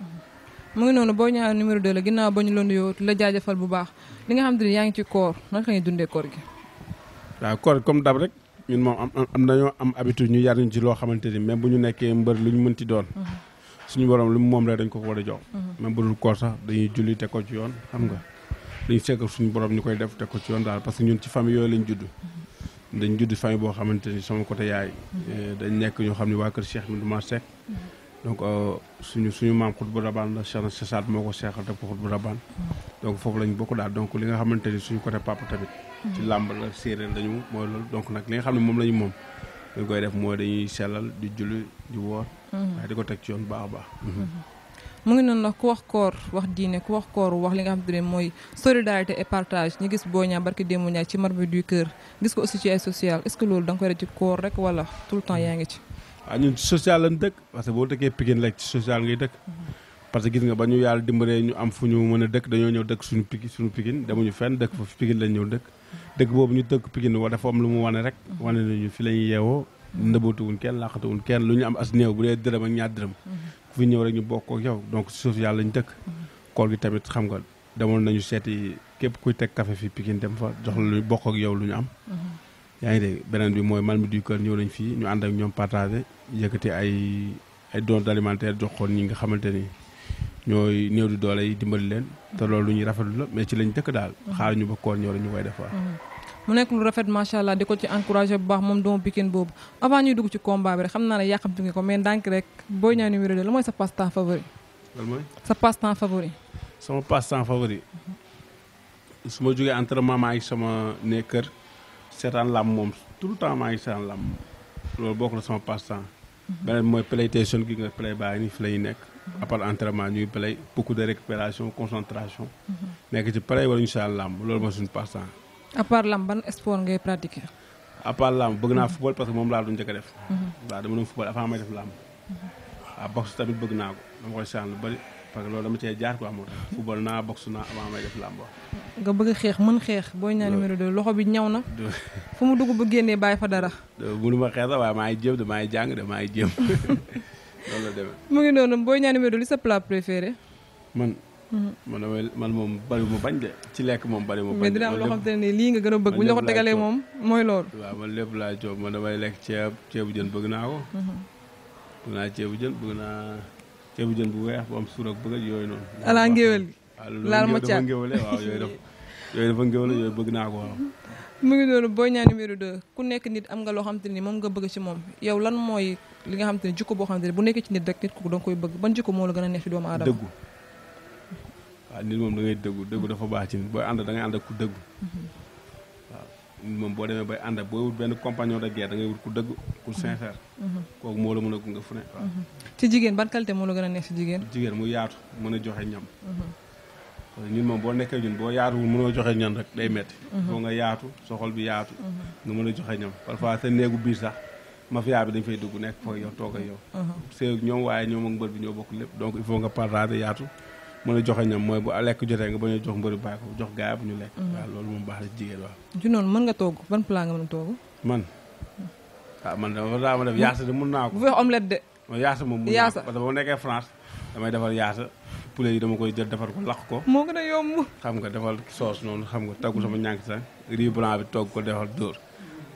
mu
ngi noonu boo ñëwaat numéro de la ginnaaw ba ñu la nuyoo la jaajafal bu baax li nga xam ne yaa ngi ci koor naka la ñuy koor gi.
waaw koor comme rek. ñun moom am am dañoo am habitude ñu yar ñu ci loo xamante ni même bu ñu nekkee mbër lu ñu mënti doon. Mhm. suñu borom lu moom la dañ ko ko war a jox. Mhm. même bu dul koor sax dañuy julli teg ko ci yoon xam nga. dañu seetal suñu borom ñu koy def teg ko ci yoon daal parce que ñun ci famille yooyu lañ judd. Mhm. dañ juddu famille boo xamante ni sama côté yaay. Eh, dañ nekk ñoo xam ne waa kër Cheikh Ahmadou Mar Seck donc euh, suñu suñu maam xutbu rabaan la Cheikh na Saad moo ko seexal def ko xutbu rabaan donc foofu lañ bokk daal donc li nga xamante ni suñu côté papa tamit ci hmm. làmb la séeréer dañu mooy loolu donc nag li nga xam ne moom la ñu moom dañ koy def mooy dañuy sellal di julli di woor hmm. waaye di ko teg ci yoon baax a baax hmm.
mu ngi noonu nag ku wax koor wax diine ku wax koor wax li nga xamante ne mooy solidarité et partage ñu gis boo ñaa barki démb ñaa ci marbre du cœur gis ko loolu da nga rek wala tout le yaa ngi ci
waaw ah, ci social lañ dëkk parce que boo dëkkee Pikine rek ci social ngay dëkk parce que gis nga ba ñu yàlla dimbalee ñu am fu ñu mën a dëkk dañoo ñëw dëkk suñu Pikine suñu Pikine demuñu fenn dëkk fa Pikine lañ ñëw dëkk dëkk boobu ñu dëkk Pikine wa dafa am lu mu wane rek wane nañu fi la ñuy yeewoo ndëbatuwuñ kenn laqatuwuñ kenn lu ñu am as néew bu dee dërëm ak ñaar dërëm ku fi ñëw rek ñu bokk ak yow donc social lañ dëkk koor gi tamit xam nga demoon nañu seeti képp kuy teg café fi Pikine dem fa jox la lu bokk lu ñu am yaa ngi dégg beneen bi mooy Malmi du Cœur ñëw nañ fii ñu ànd ak ñoom partagé yëkkati ay ay dons alimentaires jox ko ñi nga xamante ni ñooy néew di doole yi dimbali leen te lool lu ñuy rafetlu la mais ci lañ dëkk daal mhm. xaar ñu ba koor ñëw ñu koy def mhm.
mu nekk lu rafet macha allah di ko ci encouragé bu baax moom doomu Pikine boobu avant ñuy dugg ci combat bi rek xam naa ne yàqamti nga ko mais ndànk rek Boy Niang numéro 2 la mooy sa passe-temps favori sa passe-temps favori
sama mhm. su ma jógee entraînement maa ngi sama ne kër seetaan làmb moom tout le temps maa ngi seetaan làmb loolu bokk na sama passe-temps. Mhm. beneen mooy PlayStation gi nga play baa ni fi la nekk. Mhm. à part ñuy play beaucoup de récupération concentration. Mhm. nekk ci play wala ñu seetaan làmb loolu mooy suñu passe-temps.
à part ban sport ngay pratiquer.
à part bëgg naa football parce que moom laa doon njëkk a def. waaw dama doon football avant may def làmb. ah boxe tamit bëgg naa ko dama koy seetaan parce que loolu dama cee jaar quoi moo tax football naa boxe naa avant may def làmb
nga bëgg a xeex mën xeex Boy Niang numéro 2 loxo bi ñaw na fu mu dugg bu génnee bàyyi fa dara
mënu ma xeex a waaye maa ngi jéem de maa ngi jàng de maa ngi jéem loolu la demee
mu ngi noonu Boy Niang numéro 2 li sa plat préféré man mhm.
man damay man moom bari mu bañ de ci lekk moom bari mu bañ mais dina am loo xam te
ne lii nga gën
a bëgg bu ñu ko tegalee moom mooy loolu
waaw man lépp laa coob man damay lek ceeb ceebu jën bëgg naa ceebu jën bu weex bu am suur ak bëgg yooyu noonu. ala ngéwél gi ah, laal ma caag waaw yooyu dafa yooyu yooyu bëgg naa ko waaw.
mu ngi noonu Boy Niang numéro 2 ku nekk nit am nga loo xam te ni moom nga bëgg ci moom yow lan mooy li nga xam te ni jikko boo xam te bu nekkee ci nit rek nit ku koy bëgg ban jikko moo la a neex ci doomu aadama. dëggu
waaw ah, moom da dëggu dëggu dafa baax ci nit booy ànd da ànd ak dëggu. Mhm. moom boo demee bay ànd ak booy wut benn compagnon de guerre da ngay wut ku dëgg ku sincère. Mhm. kooku moo la mën a gunge fu ne waaw.
Mhm. ci jigéen ban qualité moo la gën a neex ci jigéen.
jigéen mu yaatu mën a joxe ñam.
Mhm.
ñun moom boo nekkee ñun boo yaatuwul mënoo joxe ñam rek day metti boo nga yaatu soxol bi yaatu. nga mën a joxe ñam parfois sa néegu biir sax mafia bi dañ fay dugg nekk fooy yow toog ak yow. seeg ñoom waaye ñoom ak mbër bi ñoo bokk lépp donc il faut nga partager yaatu. mën a joxe ñam mooy bu lekk jotee nga bañ a jox mbëri bàyyi ko jox gaa bu ñu lekk. Mm-hmm. waaw loolu moom baax na jigéen waaw.
junoon mën nga togg ban plat nga mën a togg.
man ah man daa ma def mm-hmm. yaasa de mun naa ko. bu fekkee omelette de. yaasa moom mun nekkee France damay defar yaasa. poulet yi dama koy jël defar ko lakk ko. moo gën a yomb. xam nga defal soos noonu xam nga taggu sama ñànk sax riz blanc bi togg ko defal dóor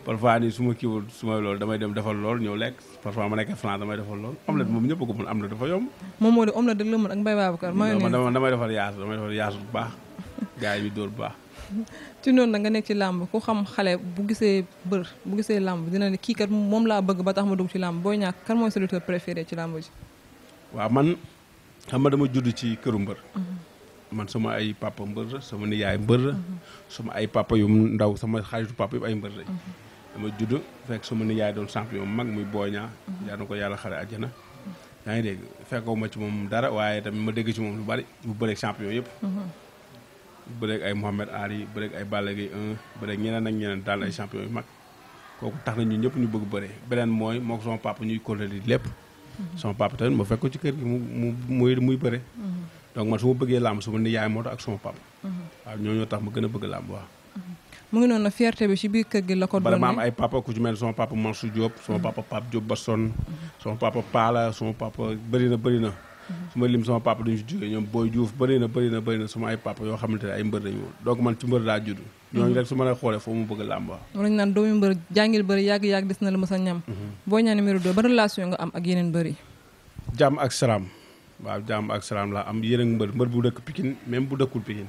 parfois nii su ma kiiwul su ma loolu damay dem defal lool ñëw lekk parfois ma nekkee France damay defal lool omelette moom ñëpp a ko mën am na dafa yomb.
moom moo di omelette rek la mën ak Mbaye Babacar. mayonnaise
damay defal yaasu damay defal yaasu baax gars yi dóor bu baax.
ci noonu na nga nekk ci làmb ku xam xale bu gisee bër bu gisee làmb dina ne kii kat moom laa bëgg ba tax ma dugg ci làmb booy ñàkk kan mooy sa lutteur préféré ci làmb ji.
waaw man xam ma dama judd ci këru mbër. Mhm. man sama ay papa mbër sama niyaay mbër mhm. sama ay papa yu ndaw sama xaritu papa yu ay mbër lañ mhm. dama judd fekk sama nijaay doon champion mag muy booñaa yaa na ko yàlla xare àjjana yaa ngi dégg fekkoo ma ci moom dara waaye tamit ma dégg ci moom lu bari bu bëreeg champion yëpp mm-hmm. bëreeg ay Mohamed Ali bëreeg ay Balla Gaye 1 bëreeg ñeneen ak ñeneen daal ay champion yu mag kooku tax na ñun ñëpp ñu bëgg bëree beneen mooy moo ko sama papa ñuy kóllëre lépp mm-hmm. sama papa tamit ma fekk ko ci kër gi mu mu muy muy bëre mm-hmm. donc man su ma bëggee làmb sama nijaay moo tax ak sama papa waaw tax ma gën a bëgg làmb
mu ngi noonu fierté bi ci biir kër gi la ko doon am ay
papa ku ci mel sama papa Mansour Diop sama mm-hmm. papa Pape Diop Basson mm-hmm. sama papa Paala sama papa bëri na bëri na mm-hmm. su ma lim sama papa duñu si jógee ñoom Boy Diouf bëri na bëri na bëri na sama ay papa yoo xamante ne ay mbër lañu woon ma la xoolee foo mu bëgg a
doomu mbër jàngil bëri yàgg-yàgg des na la mës a ñam boo ñaan numéro deux ban relation nga am ak yeneen bëri
jàmm ak salaam waaw jàmm am yeneen mbër mbër bu dëkk Pikine même bu dëkkul Pikine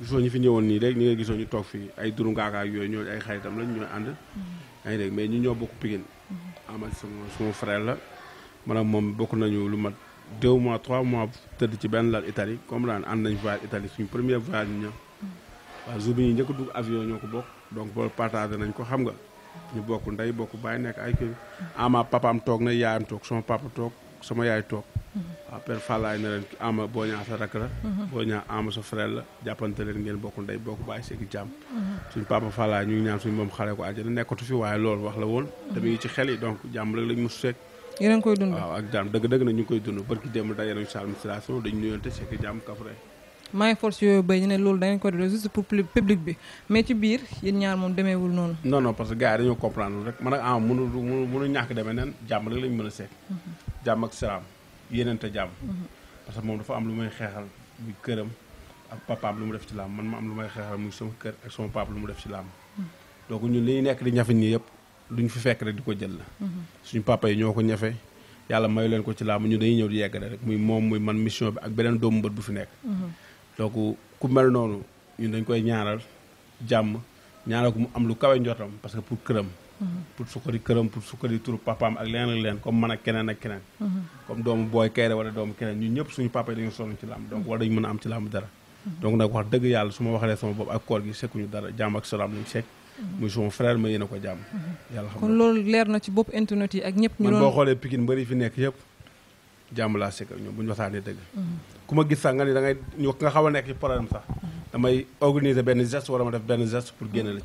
gisoo ñu fi ñëwoon nii rek ñi nga gisoo ñu toog fii ay duru ngaakaay yooyu ñooñu ay xaritam lañ ñooy ànd.
Mm-hmm.
ay dégg mais ñu ñoo bokk Pikine. Mm-hmm. Amady sama sama frère la maanaam moom bokk nañu lu mat deux mois trois mois tëdd ci benn lal Italie comme daan ànd nañ voyage itali suñu premier voyage ñu ñëw. Mm-hmm. waaw jour bi ñuy njëkk dugg avion ñoo ko bokk donc boolu partagé nañ ko xam nga. ñu bokk ndey bokk bàyyi nekk ay kër ama papaam toog na yaayam toog sama papa toog. sama yaay toog waaw père Fallaye ne leen ama boo ñaa sa rakk la mhm. boo ama sa frère la jàppante leen ngeen bokk ndey bokk bàyyi seegi jàmm mhm. suñ papa Fallaye ñu ngi ñaan moom xare ko àjjana nekkatu fi waaye loolu wax la woon mhm. tamit ngi ci xel yi donc jàmm rek lañ a ñu koy dund barki démb daje nañu sa administration dañ mën a seeg jàmm ak salaam yéeneente jàmm. parce que moom dafa am lu may xeexal muy këram ak papaam lu mu def ci làmb man ma am lu may xeexal muy sama kër ak sama papa lu mu def ci làmb. donc ñun li ñu nekk di ñafe nii yëpp duñ fi fekk rek di ko jël la. suñu papa yi ñoo ko ñafe yàlla mayu leen ko ci làmb ñu dañuy ñëw di yeggale rek muy moom muy man mission bi ak beneen doomu mbër bu fi nekk. donc ku mel noonu ñun dañ koy ñaaral jàmm ñaaral ko mu am lu kawe njottam parce pour këram. pour sukkari këram pour sukkari turu papaam ak leneen leneen comme man ak keneen ak keneen comme doomu booy kayre wala doomu keneen ñun ñëpp suñu papa yi dañu ci làmb donc war dañu mën a am ci làmb dara donc nag wax dëgg yàlla su ma waxalee sama bopp ak koor gi sekkuñu dara jàmm ak salaam lañ sekk muy xoolee Pikine mbëri fi nekk yëpp jàmm laa sekk ñoom bu ñu waxtaanee dëgg ku ma gis sax nga ni da nga xaw a nekk ci problème sax damay organiser benn la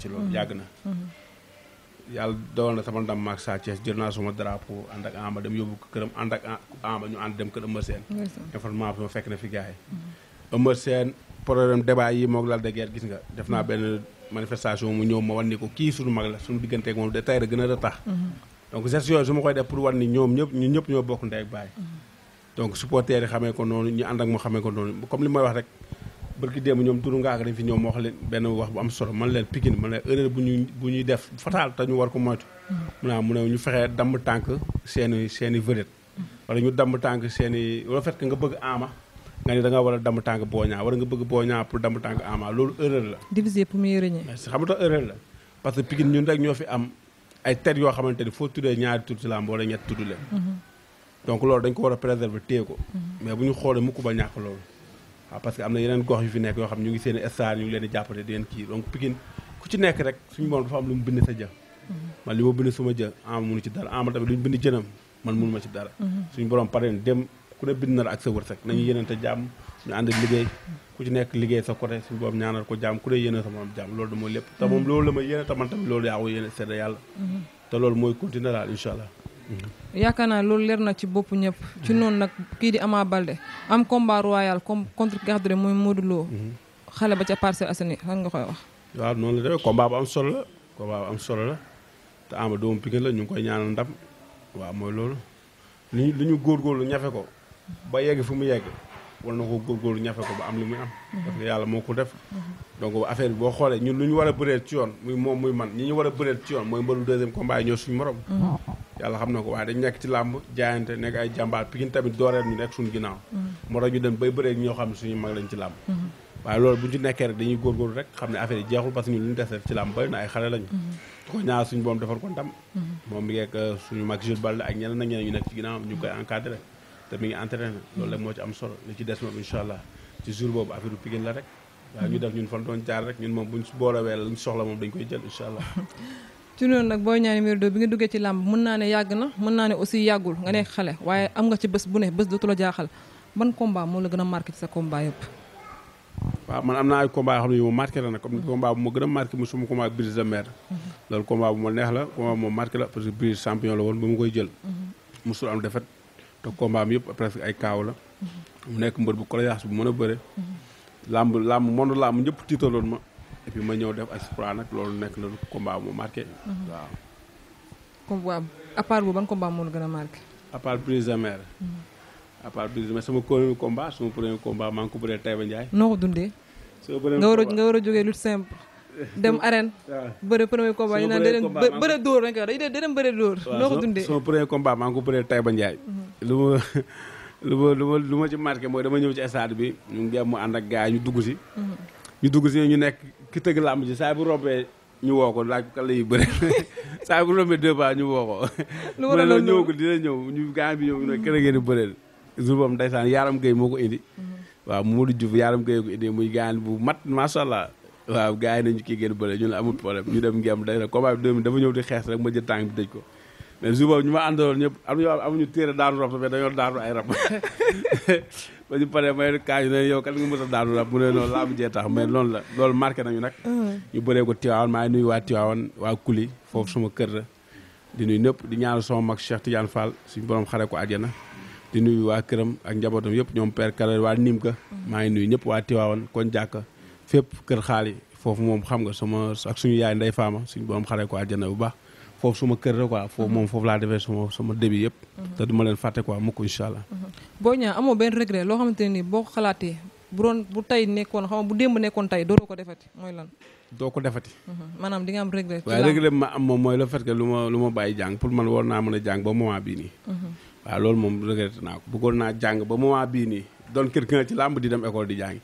ci loolu yàgg na yàlla dogal na sama ndam maak Sa Thiès jël naa sama drapeau ànd ak Ama dem yóbbu ko këram ànd ak Ama ñu ànd dem kër Eumeu Sène information fekk na fi gars yi
mm-hmm.
Eumeu Sène yi moog Lac de Guiers gis nga def naa benn manifestation mu ñëw ma wan ni ko kii suñu mag la suñu digganteeg moom de tey rek gën a tax mm-hmm. donc gestion yooyu su ma koy def pour wan ni ñoom ñëpp ñu ñëpp ñoo bokk ndey ak baay
mm-hmm.
donc supporters yi xamee ko noonu ñu ànd ak moo xamee ko noonu comme li may wax rek bërki démb ñoom turu ngaa dañ fi ñoom wax leen benn wax bu am solo man leen Pikine man leen erreur bu ñuy bu ñuy def fatal te ñu war ko moytu mm. mu naa mu ne ñu fexee damm tànk tànk seen da nga war a damm tànk booñaa wala nga bëgg booñaa pour damm tànk ama loolu erreur la
diviser pour mieux régner xam
nga erreur la parce que Pikine ñun rek ñoo fi am ay tête yoo xamante ni foo tuddee ñaari tur ci làmb wala ñett tudd leen mm-hmm. donc loolu dañ ko war a préserver téye ko mm-hmm. mais bu ñu xoolee mukk ba ñàkk loolu waaw parce que am na yeneen gox yu fi nekk yoo xam ñu ngi seen i ñu ngi leen di di leen kii donc Pikine ku ci nekk rek suñu moom dafa am lu mu bind sa jë mhm. man lu ñu bind jënam man munu ci dara mhm. suñu borom pare dem ku ne bind na la ak sa wërsëg nañu yéenante jàmm ñu ànd liggéey ku ci nekk liggéey sa côté suñu borom ñaanal ko jàmm ku ne yéene sa moom jàmm loolu da mooy lépp te moom mhm. loolu la ma yéene tamit loolu yaa ko yéene sedda
yaakaar naa loolu leer na ci bopp ñëpp. ci noonu nag kii di amaa Balde am combat royal comme contre ki nga xam ne mooy Modou Lo. Mhm. xale ba ca Parcelles Assainies xam nga koy wax.
waaw noonu la de combat am solo la combat am solo la te Ama doomu Pikine la ñu ngi koy ñaanal ndam waaw mooy loolu li ñu góor ñu góorgóorlu ñafe ko ba yegg fu mu yegg. war na ko góorgóorlu ñafe ko ba am li muy am. Mhm. parce que yàlla moo ko def. Mhm. donc affaire bi boo xoolee ñun lu ñu war a bëreel ci yoon muy moom muy man ñu mhm. ko waaye dañ nekk ci làmb jaayante nekk ay jàmbaar Pikine tamit dooreel ñu nekk suñu ginnaaw. moo tax ñu dem bay bëree ñoo xam ne suñu mag lañ ci làmb. waaye na ay xale lañu. ko ñaar suñu boom defar ko ndam. moom mi ngeek euh, suñu mag Jules Balde ak ñeneen ñeneen ñu nekk ci ginnaaw ñu koy encadré te mi ngi entraîné loolu rek moo ci am solo li ci des moom incha allah ci jour boobu affaire Pikine la rek waaw ñu def ñun fan doon jaar rek ñun moom buñ boolewee koy jël incha allah
ci noonu nag Boy Niang numéro 2 bi nga duggee ci làmb mën naa na mën naa ne aussi yàggul nga nekk am nga ci bés bu ne bés la jaaxal ban combat moo la gën a marqué sa combat yëpp
waaw naa ay combat yoo xam ne yu ma la nag comme combat bu ma a marqué mu suma combat Brise mhm. ma neex la combat ma la parce que Brise la woon ba koy jël mosul mhm. am defet te combat am yëpp presque ay kaaw la. mu nekk mbër bu coriace bu mën a bëre. làmb làmb monde làmb ñëpp tiitaloon ma et puis ma ñëw def exploit nag loolu nekk na combat mu marqué. Mhm. waaw.
combat à part gën a marqué.
à part brise de mer. Mhm. à premier combat maa ngi ko bëree Taïba Ndiaye. noo ko dundee. a nga
war a jógee lu simple. dem arène. waaw bëre premier combat ñu naan day day dem bëre dóor. noo ko dundee sama
premier mhm. lu ma lu ma lu ma mooy dama ñëw ci stade bi ngi mu ànd ak gars ñu dugg si. Mhm. ñu dugg si ñu nekk ki tëgg làmb ji saa rombee ñu woo ko laaj kan yu bëre saa bu rombee deux ñu woo ko. lu war a loolu ñëw ko dina ñëw ñu gars bi ñëw ñu ne kër ngeen di bëreel. jour boobu ndeysaan Yaram Gueye moo ko indi.
mu
mhm. Modou Diouf Yaram Gueye ko indi muy gaan bu mat macha allah waaw gars yi nañu kii ngeen bëre ñu ne amul problème ñu dem ngem dañ ne combat bi deux dafa tànk bi ko mais jour boobu ñu ma àndaloon am ñu amuñu téere daanu rab mais dañoo daanu ay rab ba ñu paree may kaañu ne yow kat nga mës a daanu rab mu ne noonu laa bu jee tax mais loolu la nañu nag mm. ñu bëree ko Tiwaawan maa ngi nuyu waa Tiwaawan waa Kuli foofu suma kër la di nuy ñëpp di ñaanal sama mag Cheikh Tidiane Fall suñu borom xare ko àjjana di nuy waa këram ak njabootam yëpp ñoom père Kare waa ka mm. maa ngi nuyu ñëpp waa Tiwaawan kon jàkka fépp kër xaal yi foofu moom xam nga sama ak suñu yaay ndey faama suñu borom xare ko àjjana bu baax foofu suma kër la quoi foofu moom foofu laa defee sama sama début yëpp mhm. te du ma leen fàtte quoi mukk incha allah
mhm. boo ñaa amoo benn regret loo xamante ne nii boo ko xam bu ko defati mooy lan mhm. ma am
a jàng ba moment bii nii waaw loolu moom regret naa ko bëggoon di dem école di jàngi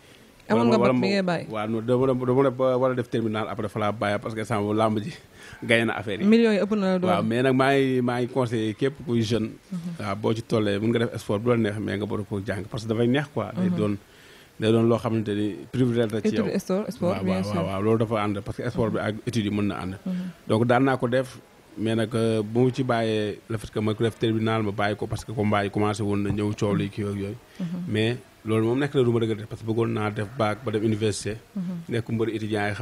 amoon nga bopp bi ngay
bàyyi waaw non a def terminal après fa laa bàyyi parce que sama làmb ji gañe na affaire yi. millions yi ëpp na la doon mais nag maa képp kuy jeune. Mhm. waaw boo ci tollee mun nga def sport bu la neex mais nga bëri ko jàng parce que dafay neex ko def. mais nag euh, mu ci bàyyee le fait ma ko def terminal ma bàyyi ko parce que combat yi commencé woon na ñëw coow li yooyu. Mhm. mais loolu moom nekk na du ma regretté parce que bëggoon naa def bac ba dem université. Mhm. nekk mbër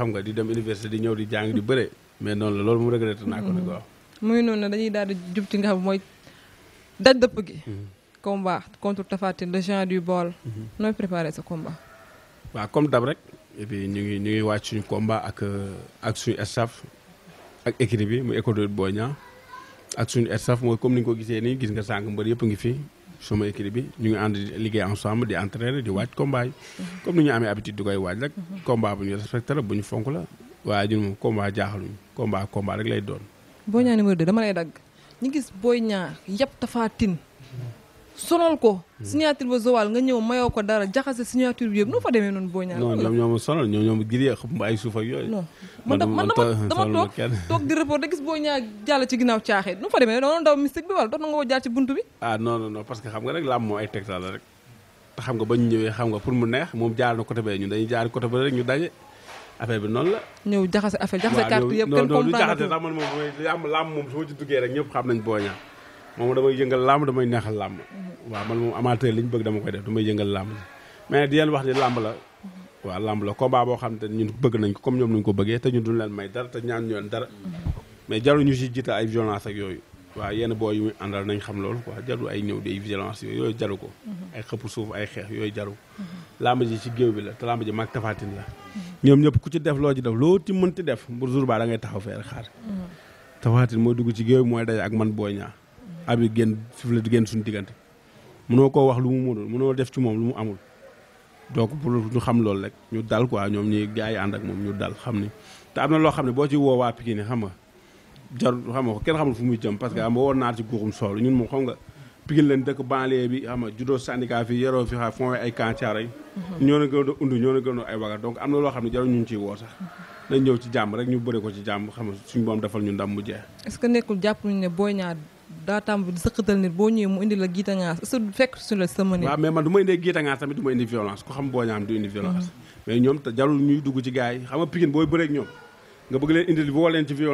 nga di dem université di di jàng di bëre. mais noonu la loolu moom regretté naa ko nag mhm. waaw.
muy noonu dañuy daal di jub ci nga xam mooy daj dëpp gi. Mhm. combat contre Tapha Tine le géant du sa combat.
waaw comme rek. et puis ñu ngi ñu ngi wàcc ak ak suñu staff bi mu école de Boy Niang ak suñu staff mooy comme ni nga ko gisee nii gis nga sànq mbër yëpp ngi fi. sama équipe bi ñu ngi ànd liggéey ensemble di entraîner di waaj combat yi. comme ni ñu amee habitude di koy waaj rek. combat bu ñu respecté la bu ñu fonk la waaye ñun moom combat jaaxaluñu combat combat rek lay doon.
Boy Niang numéro 2 dama lay dagg ñu gis Boy Niang yëpp Tapha Tine sonal ko. signature ba Zowal nga ñëw mayoo ko dara jaxase signature bi yëpp nu fa demee noonu boo ñaar. non ñoom ñoo
ma sonal ñoom ñoo ma giree xam ay suuf yooyu. non
man boo ñaar jàll ci ginnaaw caaxee nu fa demee noonu daw mystique bi wala dox nga ko jaar ci bunt bi.
ah non nga pour mu neex moom jaar na ñu daje. affaire bi noonu la.
ñëw jaxase affaire jaxase carte yëpp kenn comprendre. waaw ñëw
non non moom mooy ci duggee rek ñëpp xam nañ boo ñaar moom damay yëngal làmb damay neexal làmb waaw man moom amateur li ñu bëgg dama koy def damay yëngal làmb mais di leen wax ni làmb la waaw làmb la combat boo xam te ñun bëgg nañ ko comme ñoom nuñ ko bëggee te ñun duñ leen may dara te ñaan ñu leen dara mais ñu si jiite ay violence ak yooyu waaw yenn boo yu muy àndal nañ xam loolu quoi jaru ay ñëw di ay yooyu yooyu jaru ko ay xëpp suuf ay xeex yooyu jaru làmb ji ci géew bi la te làmb ji mag tafaatin la ñoom ñëpp ku ci def loo ci def loo ci mënti def mbur jour baa da ngay taxaw fee rek xaar tafaatin mooy dugg ci géew bi mooy daje ak man booy ñaa abi génn sifflet di génn suñu diggante mënoo koo wax lu mu mënul mënoo def ci moom lu mu amul donc pour ñu xam loolu rek ñu dal quoi ñoom ñi gars yi ànd ak moom ñu dal xam ni te am na loo xam ne boo ci woo waa Pikine xam nga jarul xam nga kenn xamul fu muy jëm parce que am woon naar ci guuxum soow ñun moom xam nga Pikine leen dëkk banlieue bi xam nga judo syndicat fi yeroo fi xa fond na a undu a ay wagar am na loo xam ne jarul ñun ciy woo sax mhm. dañ ñëw ci jàmm rek ñu bëre ko ci jàmm xam nga suñu boom defal ñu ndam mu jeex
est nekkul jàpp ñu ne Boy Niang daa tàmbali sëqatal nit boo ñëwee mu indi la giitangaas est-ce que fekk su la sama nit waaw
mais man du ma indee giitangaas tamit du ma indi violence ku xam boo ñaam du indi mm-hmm. te jarul ñuy dugg ci gars yi xam nga Pikine booy bëreeg ñoom nga bëgg leen indil woo leen mm-hmm.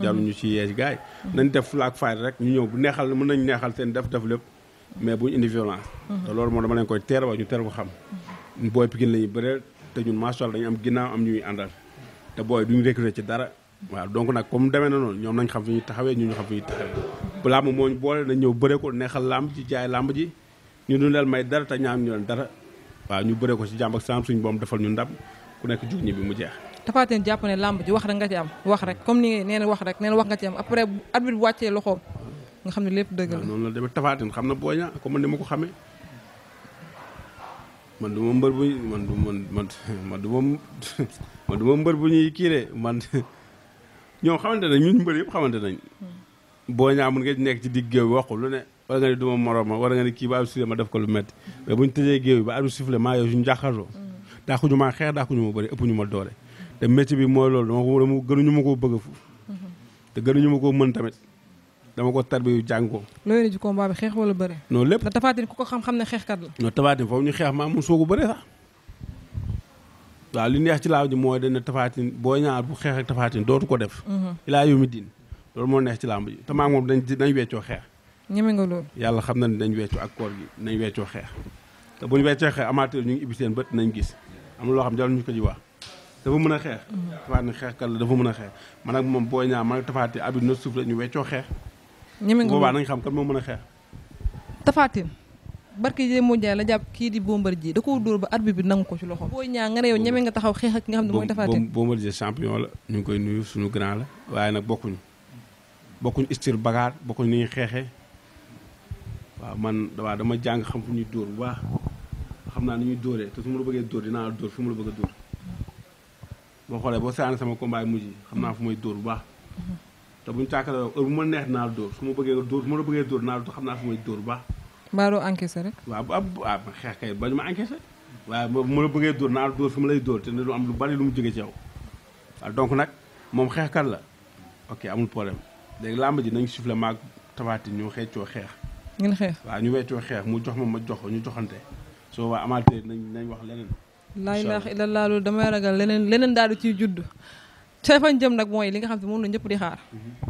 mm-hmm. nañ def flag fight rek ñu ñëw bu neexal mais buñ indi violence te loolu moo dama leen koy teer wa ñu teer ko ñun macha dañu am ginnaaw am ñuy àndal te booy duñu recruter ci dara waaw donc nag comme demee na noonu ñoom nañ xam fi ñu taxawee ñu ñu xam fi ñuy taxawee làmb moo ñu boole nañ ñëw bëre neexal làmb ji jaay làmb ji ñu dundal may dara te ñaam ñu leen dara waaw ñu bëre ko ci jàmm ak saam suñu boom defal ñu ndam ku nekk jug ñi bi mu jeex
Tapha Tine jàpp làmb ji wax rek nga ci am wax rek comme ni nee na wax rek nee na wax nga ci am après arbitre bu wàccee xam ne lépp dëgg la
noonu la demee Tapha Tine xam na Boy Niang comme ni ma ko xamee man du ma mbër bu man du man man man du du ma mbër bu ñuy kiiree man ñoom xamante nañ ñun mbër yëpp xamante nañ
hmm.
boo ñaa mun nga nekk ci digg géew bi waxu lu ne war nga ni duma morom ma war nga ni kii ba arbitre sifflé ma def ko lu métti hmm. mais ba arbitre sifflé maa yow suñu hmm. maa xeex daa xuñu ma bëri ëpp ñu ma doole te métier bi mooy loolu dama ko dama gënuñu ma koo bëgg foofu te gënuñu ma koo mën tamit dama ko tarbi yu jàng ko
loolu ji combat bi xeex wala bëre non lépp Tapha Tine ku ko xam-xam ne xeexkat la
noo Tapha Tine foofu ñu xeex maa mun soogu bëre waaw li neex ci laaw ji mooy dañ ne tafaatin boo ñaar bu xeex ak tafaatin dootu ko def. Mhm. ilaa yomi diin loolu moo neex ci làmb ji te maa moom dañ dañ weccoo xeex. ñeme nga loolu. yàlla xam na ne dañ weccoo ak koor gi nañ weccoo xeex te bu ñu weccoo xeex amateur ñu ngi ibbi seen bët nañ gis am loo xam jàll ñu ko ci wax dafa mën a xeex. tafaat mhm. ni xeexkat la dafa mën a xeex man moom boo ñaar man ak tafaatin abi na suuf la ñu xeex.
ñeme nga loolu nañ
xam kan moo mën a xeex.
tafaatin. barke Diém Moudia la jàpp kii di Bombardier da koo dóor ba arbitre bi nangu ko ci loxo. booy ñaa nga ne yow ñeme nga taxaw xeex ak ki nga xam ne mooy. Tapha
ñu ngi koy nuyu suñu grand la waaye nag bokkuñu bokkuñu style bagaar bokkuñu ni ñuy waaw man waaw dama jàng xam fu dóor bu baax xam naa ni ñuy dóoree te su ma la bëggee dóor di la dóor fu ma la bëgg a boo xoolee boo saane sama combat mujj xam naa fu may dóor bu baax mhm. te buñu tàkkalee heure bu ma neex dinaa su ma bëggee dóor su ma la bëggee dóor dinaa la xam naa fu may dóor bu baax
mbaa doo encaissé rek.
waaw bu ab waaw xeex kay bañ ma encaissé waaye mu la bëggee dóor naa la dóor fi mu lay dóor te ne lu am lu bari lu mu jóge ci yow waaw donc nag moom xeexkat la ok amul problème léegi làmb nañ nañu soufflé maag tabaati ñu xeecoo xeex. ngeen xeex waaw ñu weccoo xeex mu jox ma ma jox ñu joxante soo waa amateur nañ nañ wax leneen.
incha allah laa ilaaha illallaah loolu damay ragal leneen leneen daal ciy judd. ca fañ jëm nag mooy li nga xam ne moom la ñëpp di xaar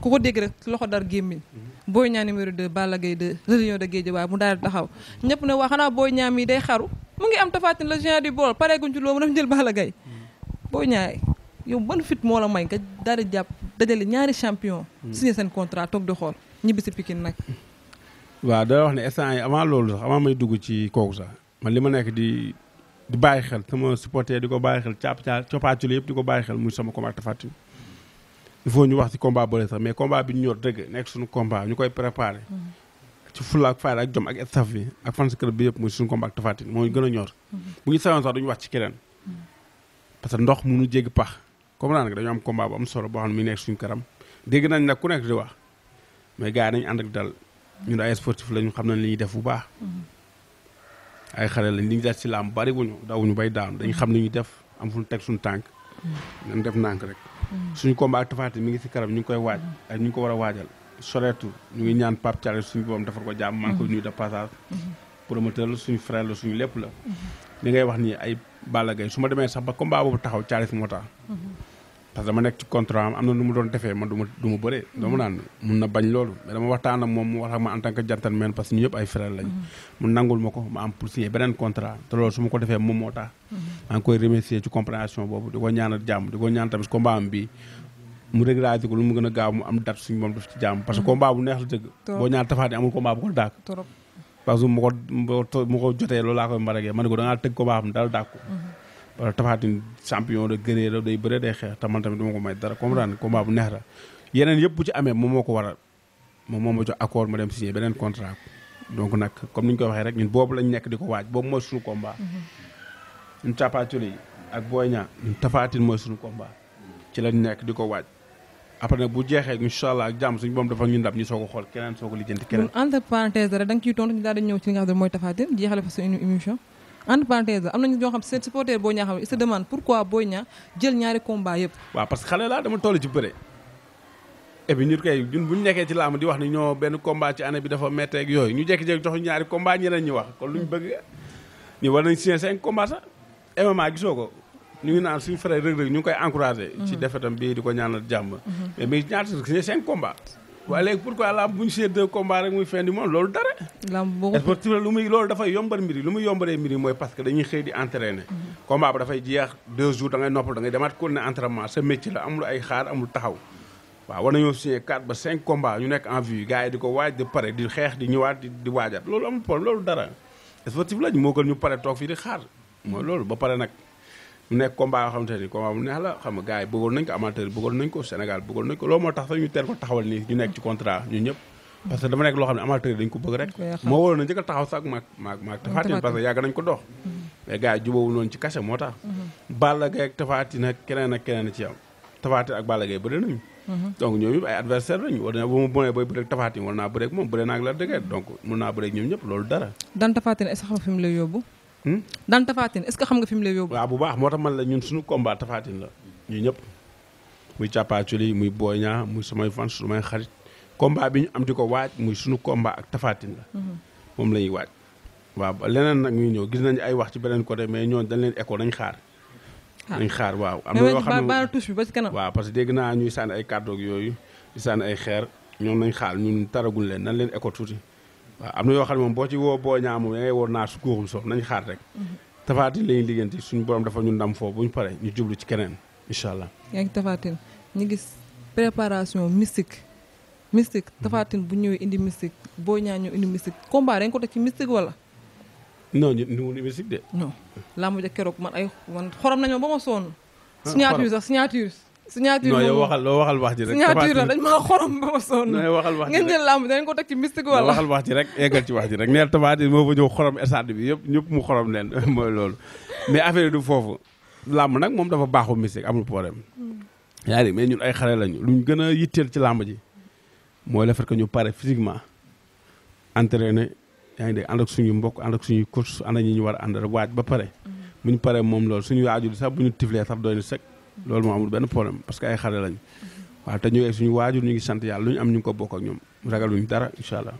ko ko dégg rek loxo dar gémmiñ Boy Niang numéro de Balla Gaye 2 Religion de Guédiawaye mu daal di taxaw ñëpp ne waa xanaa booy Niang mi day xaru mu ngi am tafaatin la géant du bool pareeguñ ci loolu mu daf jël Balla Gaye Boy Niang yow ban fit moo la may daal di jàpp dajale ñaari champion signé seen contrat toog di xool ñibbi si Pikine nag
waa da wax ne instant yi avant loolu sax avant may dugg ci kooku sax man li ma di bàyyi xel sama supporter di ko bàyyi xel caap caap coppaatul yëpp di ko bàyyi xel muy sama combat Tapha Tine il faut ñu wax ci combat boole sax mais combat bi ñu ñor dëgg nekk suñu combat ñu ñu mm-hmm. gën a ñor. Mm-hmm. bu ñu sañoon sax duñu wax ci keneen. Mm-hmm. parce que ndox mënu jéggi pax. comme naan nga dañu am combat bu am solo boo xam ne mi nekk suñu karam dégg nañ nag ku nekk di wax mais gars yi nañu ànd ak dal ñun ay sportif la xam nañ li def bu baax. ay xale lañ li ñu des ci làmb bariwuñu dawuñu bay daanu dañu xam li ñuy def am fu ñu teg suñu tànk. nañ def nànk rek. Mm. suñu combat tafaati mi ngi ci karam ñu ngi koy waaj ak ñu ngi ko war a waajal. soreetu ñu ngi ñaan Pape Thialé suñu boom defar ko jàmm. maa ngi koy mm. nuyu de passage. Mm-hmm. promoteur suñu frère suñu lépp la. Mm-hmm. li ngay wax nii ay Balla Gaye su ma demee sax ba combat boobu taxaw Thialé moo tax. Mm-hmm. parce que dama nekk ci contrat am am na nu mu doon defee man du ma du ma bëree naan mun na bañ loolu mais dama waxtaan ak moom mu wax ak ma en tant que gentleman parce que ñu yëpp ay frère lañ mu nangul ma ko ma am pour signer ma mu régulariser ko a gaaw mu am date jàmm parce que combat bu neex la dëgg boo ñaan bu ko daak parce que mu ko mu ko jotee loolu koy mbaragee ma ne ko da ngaa tëgg combat am dara daak ko mhm. wala tafaatin champion de guerrier day bëre day xeex te man tamit duma ko may dara comprendre combat bu neex la yeneen yëpp bu ci amee moom moo ko waral moom moo ma jox accord ma dem signé beneen contrat donc nag comme ni ñu ko mm-hmm. ak Boy Niang ñun tafaatin mooy suñu combat ci lañ nekk di ko waaj. après nag bu jeexee incha allah ak jàmm suñu boom dafa ñu ndam ñu soog a xool keneen soog a lijjanti keneen.
entre parenthèse rek da nga tontu ñu daal di ñëw ci li nga mooy tafaatin jeexale fa suñu entre parenthèse am nañu ñoo xam seen supporter Boy Niang xam il se demande pourquoi Boy Niang jël ñaari combat yëpp.
waaw parce xale laa dama toll ci bëre. et ñu di wax ni ñoo benn combat ci année bi dafa métteeg yooyu ñu jékki-jékki jox ñaari combat ñeneen ñi wax kon luñ bëgg ñu war nañ signé cinq combat sax ko ñu ngi naan waaye léegi pourquoi lamb bu ñu see deux combats rek muy fin du loolu dara. lamb la lu muy loolu dafay yombal mbiri lu muy yombalee mbir mooy parce que dañuy xëy di entraîner. Mm-hmm. combat ba dafay jeex deux jours da ngay dangay da ngay demaat kon ne entraînement sa métier la amul ay xaar amul taxaw. waaw war nañoo signé 4 ba 5 combats ñu nekk en vue gars yi di ko waaj di pare di xeex di ñëwaat di di waajaat loolu amul problème loolu dara sportif lañ moo gën ñu pare toog fii xaar mooy loolu ba pare nag. mu nekk combat yoo xamante neex la xam nga yi bëggoon nañ ko amateur yi bëggoon nañ ko Sénégal bëggoon nañ ko loolu moo tax sax ñu teel ko taxawal nii ñu nekk ci contrat ñun ñëpp parce que dama nekk loo xam ne amateur yi dañ ko bëgg rek a moom mm-hmm. mm-hmm. bëre mm-hmm. naa ak la dëgg donc mën naa bëreeg ñoom ñëpp loolu dara
daan Tapha Tine est-ce que lay yóbbu Hmm? daan tafaatin est-ce que xam nga fi mu lay
yóbbu. waaw bu baax moo tax man la ñun suñu combat tafaatin la ñu ñëpp muy càppaaculi muy booñaa muy samay fan sumay xarit combat bi ñu am di ko waaj muy suñu combat ak tafaatin la mhm. moom la ñuy waaj waaw leneen nag ñuy ñëw gis nañ ay wax ci beneen côté mais ñoon dañ leen écho nañ xaar nañ ah. xaar waaw am na yoo xam ne
touche bi ba ci kanam
waaw parce que dégg naa ñuy sànni ay kàddoog yooyu di sànni ay xeer ñoom nañ xaar ñun taragul leen nan leen écho tuuti waaw am na yoo xam moom boo ci woo boo ñaa moom da ngay woo naa su góoxul soof nañ xaar rek mhm. tafaatin lañuy liggéenti suñu borom dafa ñu ndam foofu bu ñu pare ñu jublu ci keneen incha allah
yaa tafaatin ñu gis préparation mystique mystique mhm. tafaatin bu ñëwee indi mystique boo ñaa ñëw indi mystique combat dañ ko teg ci mystique wala
non ñu ñu mystique de
non laa mujj keroog man ay man xorom nañoo ba ma sonn ah, signature sax signature signature non yow waxal
loo waxal wax ji rek signature la dañ
maa xorom ba ma sonn non waxal wax ji rek ngeen jël làmb dañ ko teg ci mystique wala waxal
wax ji rek eggal ci wax ji rek neel Tapha Tine moo fa ñëw xorom stade bi yëpp ñëpp mu xorom leen mooy loolu mais affaire du foofu làmb nag moom dafa baaxu mystique amul problème
hmm.
yaa ngi mais ñun ay xale lañu luñ gën a yitteel ci làmb ji mooy le fait que ñu pare physiquement entraîné yaa ngi dégg ànd ak mbokk ànd ak suñuy course ànd ak ñi ñu war a àndal waaj ba par hmm. bu ñu paree moom loolu suñu waajur sax bu ñu tiflee sax doy na loolu moo amul benn problème parce que ay xale lañ waaw te ñu suñu waajur ñu ngi sant yàlla lu ñu am ñu ngi ko bokk ak ñoom ragaluñ dara incha allah.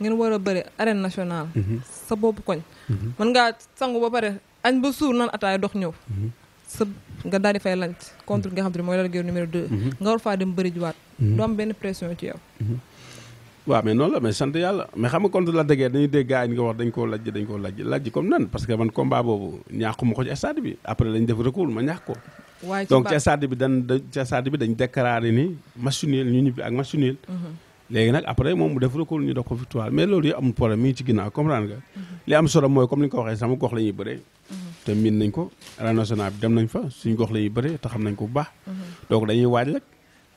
ngeen war a bëri arène nationale. Mhm. sa bopp koñ. Mhm. mën ngaa sangu ba pare añ ba suur nan ataay dox ñëw. Mhm. sa nga daal di fay lanc contre nga xam te ne mooy Lac de Guiers numéro bëri jiwaat. du am benn pression ci yow.
waaw mais sant yàlla mais xam nga contre Lac de Guiers dañuy dégg gars yi nga wax dañ koo comme nan parce que man combat boobu ñaaxuma ko ci stade bi après lañ def recours ma ñaax ko. donc ci stade bi dañ ci stade bi dañ ni match nul ñu ñibbi ak match nul mhm. léegi nag après moom mu def recours ñu dox ko victoire mais loolu yi amul problème mi ngi ci ginnaaw comprendre nga mhm. li am solo mooy comme ni ko waxee sama gox la ñuy mhm. te miin nañ ko arène nationale bi dem nañ fa suñ gox la ñuy bëree te xam nañ ko bu baax donc dañuy waaj rek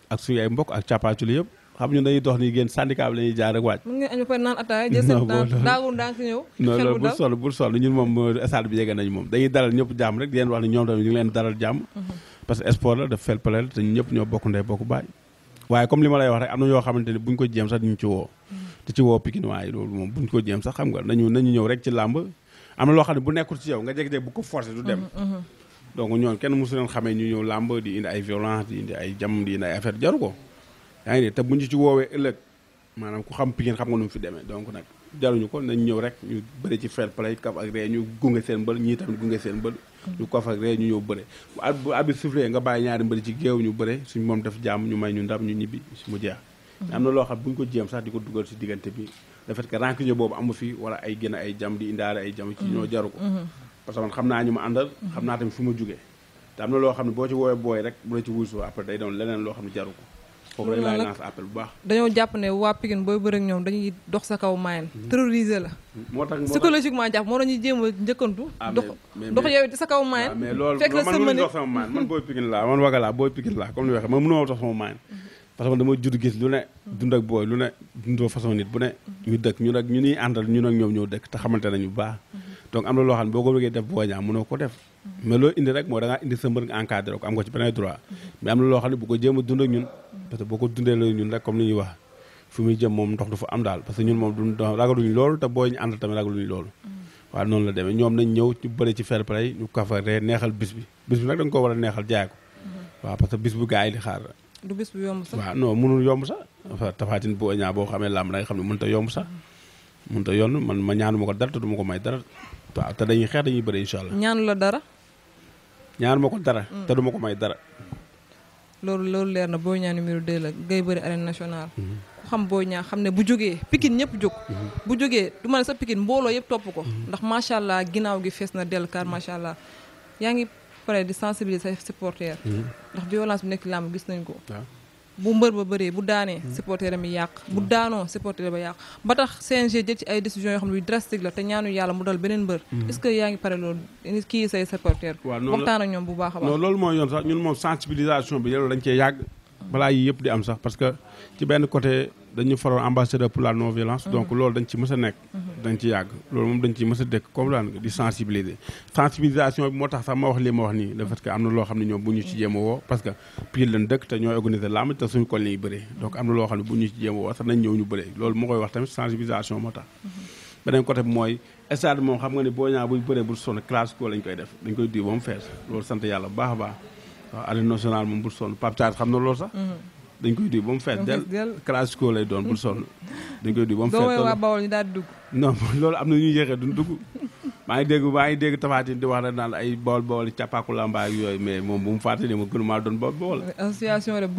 ak su ay mbokk ak cappaaculi yëpp xam ñu dañuy dox nii génn syndicat bi la ñuy jaar rek wàcc.
mën ngeen añu fa naan ataaya jël seen temps daawul ndànk ñëw. non loolu bul sol
bul sol ñun moom euh, stade bi jege nañu moom dañuy dalal ñëpp jàmm rek di leen wax ne ñoom tamit ñu ngi leen dalal jàmm.
Mm-hmm.
parce que sport la daf fel palel te ñëpp ñoo bokk ndey bokk baay. waaye comme li ma lay wax rek am na yoo xamante ne buñ ko jéem sax duñ ci woo. te mm-hmm. ci woo pikinois yi loolu moom buñ ko jéem sax xam nga nañu nañu ñëw rek ci làmb am na loo xam ne bu nekkul ci yow nga jékki-jékki bu ko forcé du dem mm-hmm, donc ñoon kenn mosu leen xamee ñu ñëw làmb di indi ay violence di indi ay jam di indi ay affaire jaru ko yaa ngi ne te buñ ci woowee ëllëg maanaam ku xam Pikine xam nga nu mu fi demee donc nag jaruñu ko nañ ñëw rek ñu bëri ci fair play kaf ak ree ñu gunge seen mbër ñii tamit gunge seen mbër ñu kaf ak ree ñu ñëw bëre bu at bu abi nga bàyyi ñaari mbëri ci géew ñu bëre suñ moom def jàmm may ñu ndam ñu ñibbi mu jeex mm-hmm. am na loo xam bu ñu ko jéem sax di ko dugal si diggante bi le fait que rancune boobu amu fi wala ay gën ay jam di indaale ay jam ci ñoo mm-hmm. jaru ko mm-hmm. parce que man xam naa ñu ma àndal xam naa tamit fu ma jugee te na loo xam ne boo ci woowee booy rek bu la ci wuysoo leneen loo xam ne jaru ko foofu rek laay lancer
dañoo jàpp ne waa Pikine booy bëreek ñoom dañuy dox sa kaw maayen hmm. terroriser la. moo tax jàpp moo dañuy jéem a njëkkantu. Ah, dox dox yow it sa kaw maayen ah, fekk la sëmmani mais
man booy Pikine laa man waga laa booy Pikine laa comme ni waxee man mënoo dox sama maayen hmm. parce dama judd gis lu ne dund ak booy lu ne dund façon nit bu ne ñu dëkk ñu nag ñu ñuy àndal ñu nag ñoom ñoo dëkk te xamante nañu baax hmm. donc am na loo xam ne boo ko bëggee def booy ñaa mënoo ko def mais loolu indi rek mooy da indi sa mbër nga ko am ko ci beneen droit mais am na loo xam ne bu a dund boo ko dundee la ñun rek comme ni ñuy wax fu muy jëm moom ndox du daal parce que ñun moom du ragaluñu loolu te booy ñu ànd tamit ragaluñu loolu waaw la demee ñoom nañ ñëw ñu bëri ci bis bi bis bi nag da nga war a neexal jaay waaw parce que bis bu gars yi di xaar
du bis bu yomb sax waaw non
mënul yomb boo ñaa boo xamee làmb xam ne mënut a yomb sax a yonn man ma ñaanu ma ko dara te du ma ko may dara waaw te dañuy xeex dañuy bëri incha ñaanu la dara. ñaanu ma ko dara. Mm. te du ma ko may dara.
loolu loolu leer na Boy Niang numéro 2 la ngay bëri arène national mm-hmm. ku xam Boy Niang xam ne bu jógee pikin ñëpp jóg. Mm-hmm. bu jógee du ma ne sax Pikine mbooloo yëpp topp ko. Mm-hmm. ndax macha allah ginnaaw gi fees na dellu kaar macha allah yaa ngi pare di sensibiliser say supporters. ndax violence bi nekk làmb gis nañ ko. bu mbër ba bëree bu daanee hmm. supporter am yi yàq hmm. bu daanoo supporter ba yàq ba tax CNG jël ci ay décision yoo xam ne yu la te ñaanu yàlla mu dal beneen mbër hmm. est-ce que yaa ngi pare loolu kii say supporter waxtaan ak ñoom bu baax a baax
loolu mooy yoon sax ñun moom sensibilisation bi yàlla dañ cee yàgg balaa yi yëpp di am sax parce que ci benn côté dañu faroon ambassadeur pour non violence donc mhm. loolu dañ ci mës a nekk mhm. dañ ci yàgg loolu moom dañ ci mës dëkk comme daan di sensibiliser sensibilisation bi moo tax sax ma wax li ma wax nii le fait am na loo xam ne ñoom bu ñu ci jéem a woo parce que Pire dëkk te ñooy organiser làmb te suñu koñ lañuy bëree mhm. donc am na loo xam ne bu ñu ci jéem a woo sax nañ ñëw ñu bëree loolu moo koy wax tamit sensibilisation moo tax beneen côté bi mooy stade moom xam nga ne boo ñaa buy bëree ba mu fees loolu dañ koy duy ba mu fees del classico lay doon bul sonn dañ koy duy ba mu fees doo waa
Bawol ñu daal dugg
non loolu am na ñuy yéexee duñ dugg maa ngi dégg maa ngi dégg tafaatin di wax rek naan ay Bawol Bawol càppaku lamba ak yooyu moom bu mu fàtte ni ma gënu maa doon Bawol Bawol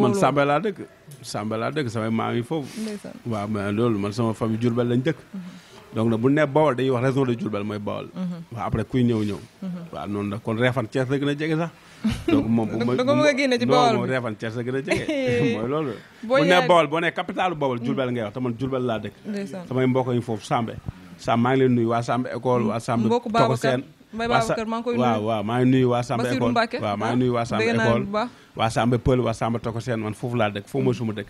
man Samba laa dëkk Samba laa dëkk samay maam yi foofu waaw mais loolu man sama famille Jurbel lañ dëkk mhm. donc nag bu ne Bawol dañuy wax région de Diourbel mooy Bawol. waaw après kuy ñëw ñëw. waaw noonu la kon Réfane Thiès la gën a jege sax. donc moom bu a génne la gën a jege. mooy loolu
bu ne Bawol
boo ne capitale Bawol Diourbel ngay wax te man Diourbel laa dëkk. samay mbokk yi foofu Sambe. Sambe maa ngi leen nuyu waa Sambe école waa Sambe. Pël waa Sambe Tokoseen man foofu laa dëkk foofu mooy suma dëkk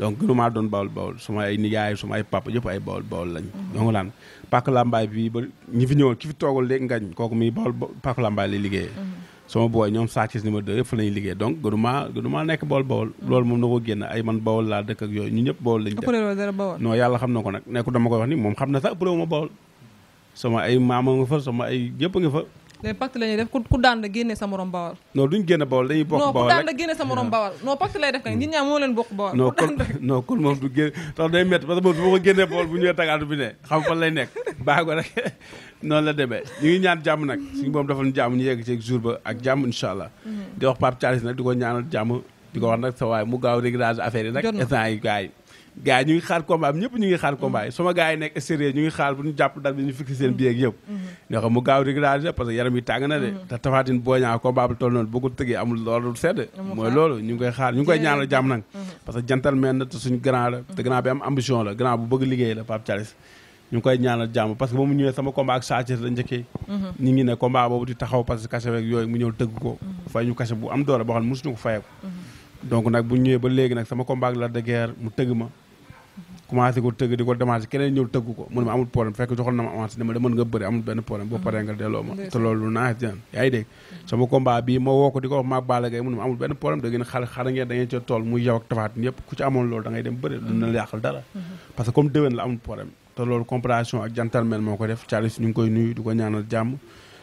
donc gënumaa doon bawol bawol suma ay nijaay suma ay papa yëpp ay bawol bawol lañ mhm. donc laan pak lambaay bi ba ñi fi ñëwoon ki fi toogal léegi ngañ kooku muy bawol pak lambaay lay liggéeyee mhm. sama booy ñoom saacis numéro 2 yëpp fa lañuy liggéey donc gënumaa gënumaa nekk bawol bawol mhm. loolu moom na ko génn ay man bawol laa dëkk yooyu ñu ñëpp bawol lañ def non yàlla xam na ko nag nekku dama koy wax ni moom xam na sax ëppale ma bawol sama ay maama
léegi pacte la def ku daan la génne sa morom bawal
non duñ génne bawal dañuy bokk ah. bawal non
ku daan def kay hmm. nit ñaa moo leen bokk bawal
non kon moom du génne day métti parce que moom su ma ko génnee bawal bu ñëwee tagaatu ñu ngi ñaan jàmm nag ñu yegg ci jour ba ak jàmm incha allah hmm. di wax Pape Thialis nag di ko ñaanal jàmm di ko wax nag sa waay mu gaaw régulage affaire yi nag instant yi gars yi gars yi ñu ngi xaar combat bi ñëpp ñu yi nekk extérieur ñu ngi xaar bu ñu jàpp dal bi ñu fixé seen biyeeg yëpp mhm. ñoo mu gaaw régulariser parce que yaram yi tàng na de mhm. te tafaatin boo ñaa ko tëggee amul mhm. te suñu bu bëgg liggéey la Pape Thialis ñu ngi koy ñaanal jàmm parce que ba sama combat ak Sa Thiès njëkkee ñu ngi ne combat boobu di taxaw parce que yooyu mu ñëw tëgg ko fay ñu cachet bu am doole boo xam ne mosuñu ko fayeeko donc nag bu ñëwee ba léegi nag sama combat ak Lac de Guiers mu tëgg ma commencé ko tëgg di ko démarché keneen ñëw tëgg ko mu moo ko def Charles ñu koy nuyu di ko ñaanal jàmm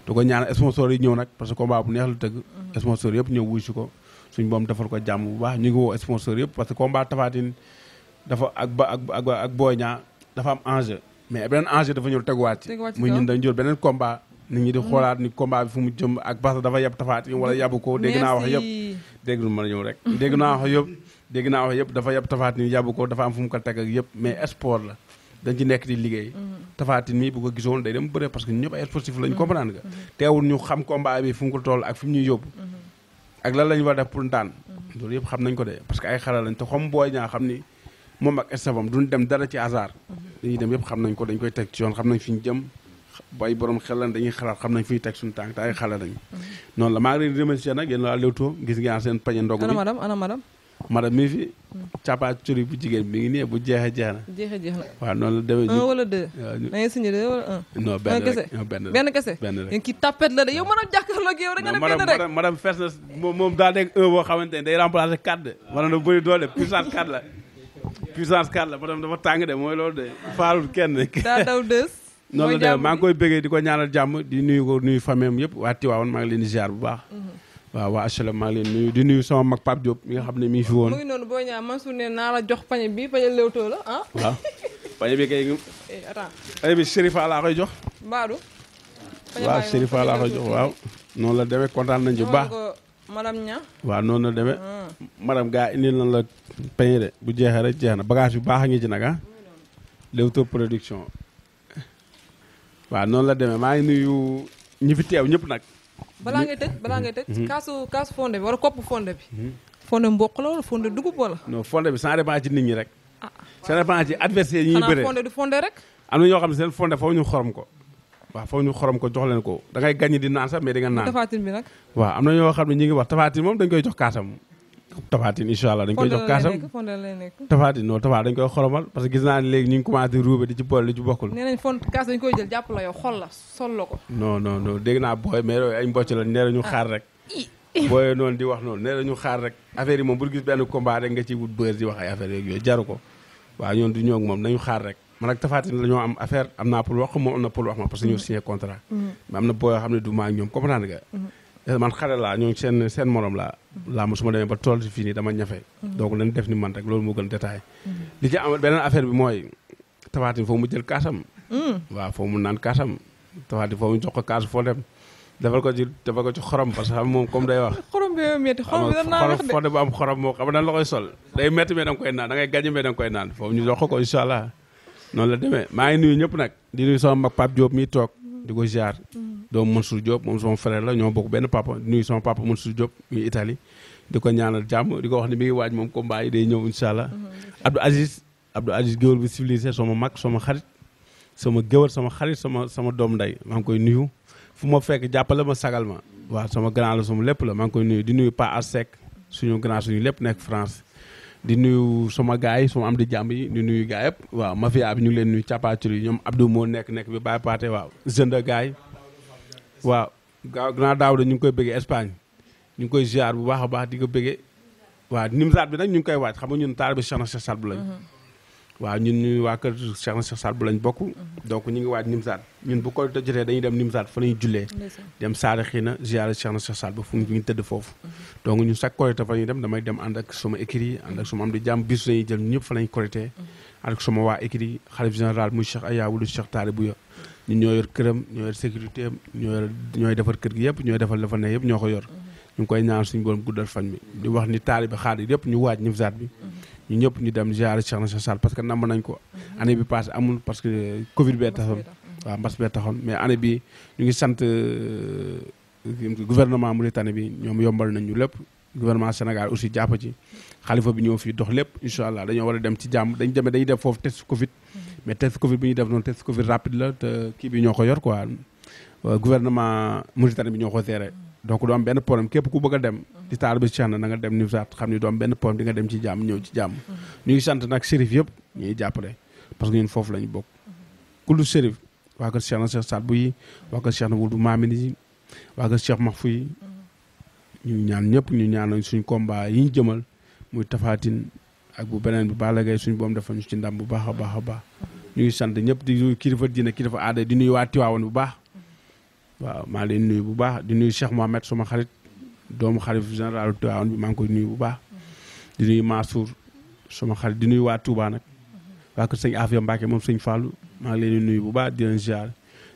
di ko ñaanal sponsor yi ñëw nag parce que combat mm-hmm. yëpp ñëw wuy si ko suñ boom defal ko jàmm bu baax ñu ngi yëpp parce que combat dafa ak ba ak ak Boy Niang dafa am enjeu mais beneen enjeu dafa ñëw teguwaat ci mm-hmm. ko dégg naa wax yëpp naa wax yëpp dégg naa wax yëpp dafa yab Tapha Tine yabu ko dafa am fu mu ko teg ak yëpp mais sport la dañ ci nekk di liggéey mm-hmm. Tapha mii bu ko gisoon day dem bëre parce que ñëpp ay sportif lañ mm-hmm. comprendre nga teewul ñu xam combat bi fu ko toll ak fi mu ñuy yóbbu ak lan lañu war def pour daan loolu yëpp xam nañ ko de parce que ay xale lañ te xom booy ñaa xam ni moom ak estafam duñ dem dara ci hasard dañuy dem yëpp xam nañ ko dañ koy teg ci yoon xam nañ fi jëm bay borom xel lan dañuy xalaat xam nañ fi teg suñu tànk te ay xale lañ mhm. noonu la maa ngi leen remercier nag yéen waa Leewtoo gis ngeen seen pañe ndog mi ana madame ana madame madame mi fi. capaa curi bu jigéen mi ngi nii bu jeexee jeex na. jeexee jeex na waaw noonu la demee. un wala
euh,
benn benn benn benn rek. kii
tapet la de yow
moom daa nekk un ne day remplacer quatre de. maanaam dafa bëri doole puissance quatre la. puissance quatre dafa tàng mooy loolu de kenn. daa daw maa ngi koy bëggee di ko ñaanal jàmm di nuyu ko nuyu famille yëpp waa Tiwaawan maa leen di ziar bu baax. Mhm. waaw waa HLM maa ngi leen nuyu di sama mag Pape Diop mi nga xam ne mi ngi fi woon. mu ngi
noonu ne naa la jox pañe bi pañe Leewtoo la ah.
waaw pañe bi kay.
Eh, attends
pañe bi Serifa laa koy jox.
Mbadou. waaw Serifa
laa koy noonu la demee kontaan nañu ci baax madame Nia. waaw noon la deme ah. madame gaa indil na la pañe de bu jeexee rek jeex na bagage yu baax a ngi ci nag ah. production. waaw noonu la demee maa ngi nuyu ñi fi teew ñëpp nag.
balaa ngay tëj balaa ngay tëj. kaasu kaasu fonde bi wala kopp fonde
bi. fonde mboq la wala fonde dugub wala. non fonde bi ça dépend ci nit ñi rek. ah ça dépend ci adversaire yi ñuy bëree xanaa fonde du fonde rek. am na ñoo xam ne seen fonde foofu ñu xorom ko. waaw foofu ñu xorom ko jox leen ko da ngay gagné di naan sax mais di naan. tafaatin bi nag. waaw am na ñoo xam ne ñu ngi wax tafaatin moom dañ koy jox kaasam Tafaatine incha allah dañ koy xoromal parce que gis naa léegi ñu ngi commencé di ci bool li ci bokkul.
nee nañ fond kaas dañ koy jël jàpp la yow
naa booy mais ay mbocc ah. xaar rek. booy noonu di wax noonu nee nañu xaar rek affaire yi moom bu gis benn combat nga ci wut bër di wax ay affaire yeeg yooyu jaru ko waaw ñoon du ñoo moom nañu xaar rek. man ak Tafaatine la am affaire am naa pour wax moom am na pour wax ma parce que ñoo signé contrat. Mm-hmm. mais am na booy xam ne du ma ñoom Eh, man xare laa ñoo seen seen morom laa laa su ma demee ba tool si fii nii dama ñafe mm-hmm. donc nañ def ni man rek loolu moo gën détail
mm-hmm.
li ci am beneen affaire bi mooy tafaatin foofu mu jël kaasam mm. waaw foofu mu naan kaasam tafaatin foofu mu jox ko kaas foo dem defal ko ci defal ko ci xorom parce que xam moom comme day wax.
xorom bi yow métti
am xorom moo xam ne dañ la koy sol. day métti mais da nga koy naan da ngay gàññi mais koy naan foofu ñu jox ko incha allah noonu la demee maa ngi nuyu ñëpp nag di nuyu sama mag Pape Diop mi toog di ko ziar. Mm. doomu Mansour Diop moom sama frère la ñoo bokk benn papa nuyu sama papa Mansour Diop muy Italie di ko ñaanal jàmm di ko wax ne mi ngi waaj moom combat yi day ñëw incha allah. Mhm. Abdou Aziz Abdou Aziz bi bu civilisé ma mag sama xarit sama géwél sama xarit sama sama doom nday maa ngi koy nuyu fu ma fekk jàppale ma sagal ma waaw sama grand la sama lépp la maa ngi koy nuyu di nuyu Pa Assec suñu grand suñu lépp nekk France. di nuyu sama gaay yi sama am di jàmb yi di nuyu gaay yëpp waaw mafia bi ñu ngi leen nuyu cappaaculi ñoom Abdou moo nekk nekk bi bàyyi paate waaw jeune de gaay waaw gaaw grand daaw ñu ngi koy bëggee Espagne ñu ngi koy ziar bu baax a baax di ko bëggee waaw nimsaat bi nag ñu ngi koy waaj xam nga ñun taal bi Cheikh na Cheikh Saad bu lañ mhm. waaw ñun waa kër Cheikh na Cheikh lañ bokk mhm. donc ñu ngi waaj nimsaat ñun bu koy jotee dañuy dem nimsaat fa lañuy jullee dem saara xii na ziar na Cheikh Saad fu ñu tëdd foofu mhm. donc ñun chaque korité fa ñuy dem damay dem ànd ak sama écrit yi ànd ak sama am di jàmm bis jël ñëpp fa lañ korité ànd ak sama waa écrit yi xalif général muy Cheikh Ayaw wulu Cheikh Taari bu yo ñu ñoo yor këram ñoo yor sécurité am ñoo yor ñooy defar kër gi yëpp ñooy defar la fa ne yëpp ñoo ko yor mhm. ñu ngi koy ñaan suñ borom guddal fan mi wax ni taalibe xaar yi yëpp ñu waaj Nimzaat bi mhm. ñu ñëpp ñu dem ziar Cheikh na Sall parce que namb nañ ko mhm. année bi passé amul parce que covid bee taxoon waaw mbas bee taxoon mais année bi ñu ngi sant euh, gouvernement Mauritanie bi ñoom yombal nañu ñu lépp gouvernement Sénégal aussi jàpp ci xalifa bi ñëw fii dox lépp incha allah dañoo war a dem ci jàmm dañ demee dañuy def foofu test Covid. Mhm. mais test Covid bi ñuy def noonu test Covid rapide la te kii bi ñoo ko yor quoi euh, gouvernement Mauritanie bi ñoo ko géré. Mhm. donc du am benn problème képp ku bëgg a dem. Mhm. di taal bi Cheikh na nga dem Nimzaat xam ni du am benn problème di nga dem ci jàmm ñëw ci nag shérif yëpp ñuy jàppale parce que ñun foofu la ñu bokk. kullu shérif waa kër Cheikh yi waa kër Cheikh na Wuldu Maamini yi waa kër ñu ñaan ñëpp ñu ñaanal suñ combat yi ñu jëmal muy tafaatin ak bu beneen bi Balla Gaye suñ boom dafa ñu ci ndam bu baax a baax a baax ñu ngi sant ñëpp di nuyu kilifa diine kilifa aada di nuyu waa Tiwaawan bu baax waaw maa leen nuyu bu baax di nuyu Cheikh Mohamed suma xarit doomu xarit général Tiwaawan bi maa ngi koy nuyu bu baax di nuyu Mansour suma xarit di nuyu waa Touba nag waa kër sëñ Afia Mbacke moom sëñ Fallou maa ngi leen di nuyu bu baax di nuy ziar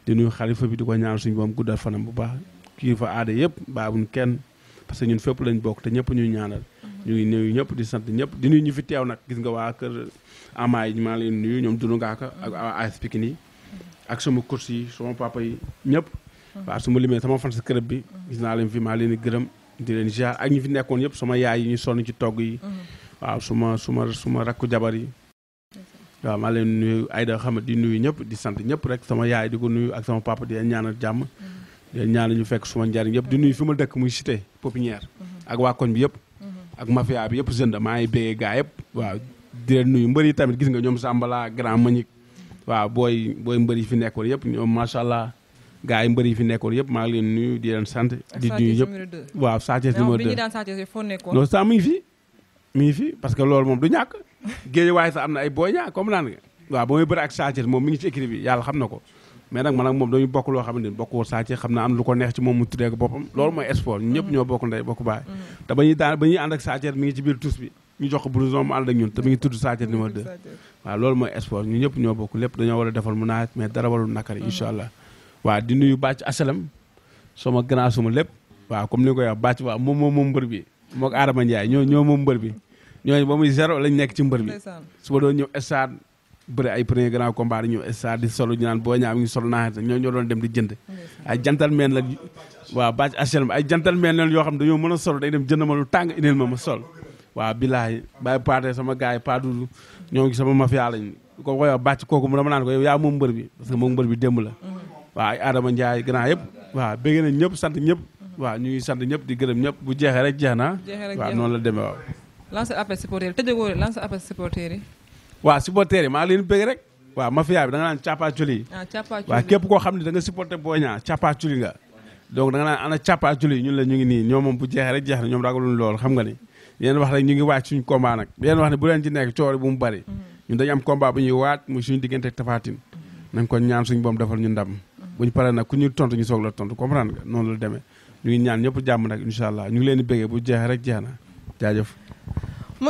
di nuyu xalifa bi di ko ñaan suñ boom guddal fanam bu baax kilifa aada yëpp baabuñ kenn parce que ñun fépp lañ bokk te ñëpp ñu ñaanal. Mhm. ñu ngi nuyu ñëpp di sant ñëpp di ñu fi teew nag gis nga waa kër Amaay maa leen nuyu ñoom Doudou Ngaka ak mhm. yi mhm. ak sama course yi papa yi ñëpp. su ma limee sama fan sa kërëb bi gis naa leen fi maa leen di gërëm di leen ziar ak ñi fi nekkoon yëpp sama yaay yi ñu sonn ci togg yi. waaw suma suma suma rakku jabar yi. maa leen nuyu Aïda xam di nuyu ñëpp di sant ñëpp rek sama yaay di ko nuyu ak sama papa di leen ñaanal jàmm. di leen ñaanal ñu fekk suma njariñ yëpp di nuyu fi ma dëkk muy cité pépinière ak waa koñ bi yëpp ak mafia bi yëpp jënd maa ngi béyee gaa yëpp waaw di leen nuyu mbëri tamit gis nga ñoom Sambala grand Manick waaw booy booy mbër yi fi nekkoon yëpp ñoom macha allah gars yi mbër yi fi nekkoon yëpp maa ngi leen nuyu di leen sant. di nuyu yëpp
waaw Sathiès numéro 2 bi ñu daan Sathiès foo fi
mi fi parce que loolu moom du ñàkk géej waaye sax am na ay booy ñaa comme naan nga waaw ba may bëri ak Sathiès moom mi ngi ci écrit bi yàlla xam na ko mais nag man ak moom dañu bokk loo xam ne bokkul saa ci xam naa am lu ko neex ci moom mu tuddee ko boppam loolu mooy sport ñu ñëpp ñoo bokk ndey bokk baay mm-hmm. te ba ñuy daan ba dañoo war a defal mu naat mais dara warul nakari mm-hmm. incha allah waaw di nuyu bàcc asalam sama grand suma lépp waaw comme ni koy wax bàcc waaw moom moom moom mbër bi mook Adama Ndiaye ñoo ñoo moom mbër bi ñooñu ba muy zéro lañ nekk ci mbër bi su ma ñëw stade bëri ay premier grand combat dañu stade di solo ñu naan boo ñaa mi ngi solo naaxet ñoo ñoo doon dem di jënd ay gentleman la waaw bâc HLM ay gentleman yoo xam dañoo mën a solo day dem jënd ma lu tàng indil ma ma sol waaw bilaay bàyyi paate sama gars yi ñoo ngi sama mafia lañ ko koy mbër bi parce la mm-hmm. waaw ay Adama Ndiaye grand yëpp waaw bëgg nañ ñëpp sant ñëpp mm-hmm. waaw ñu ngi sant ñëpp di gërëm ñëpp bu jeexee rek jeex na waaw noonu la demee
waaw
waa supporter yi maa leen bëgg rek waaw mafia bi da nga naan capaaculi yi ah, képp koo xam ne da nga supporter Boy Niang capaaculi nga donc da nga naan ana capaaculi yi ñun la ñu ngi nii ñoom moom bu jeexee rek jeex na ñoom ragaluñ loolu xam nga ni yéen wax rek ñu ngi waaj suñu combat nag yéen wax ne bu leen ci nekk coori bu mu bari mm-hmm. ñun dañu am combat bu ñuy waaj muy suñu diggante ak Tapha mm-hmm. nañ ko ñaan suñu boom defal ñu ndam mm-hmm. bu ñu paree nag ku ñu tontu ñu soog la tontu comprendre nga noonu la demee ñu ngi ñaan ñëpp jàmm nag incha allah ñu ngi leen di bu jeexee rek jee na jaajëf
mu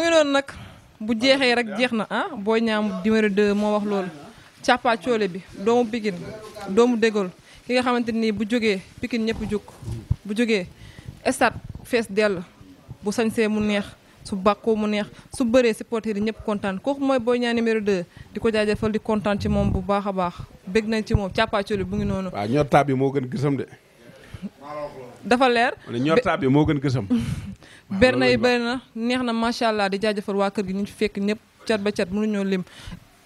bu jeexee rek jeex na ah Boy Niang numéro 2 moo wax loolu càppaa coole bi doomu Pikine doomu Dégol ki nga xamante nii bu jógee Pikine ñëpp jóg bu jógee stade fees dell bu sañsee mu neex su bàkkoo mu neex su bëree supporter yi ñëpp kontaan kooku mooy Boy Niang numéro de di ko jaajëfal di kontaan ci moom bu baax a baax bëgg nañ ci moom càppaa coole mu ngi noonu waaw
ñor taab bi moo gën gësam de dafa leer ñor taab yi moo gën gësam
berna yi bëri na neex na macha allah di jaajëfal waa kër gi ñu fekk ñëpp car ba cat mënuñoo lim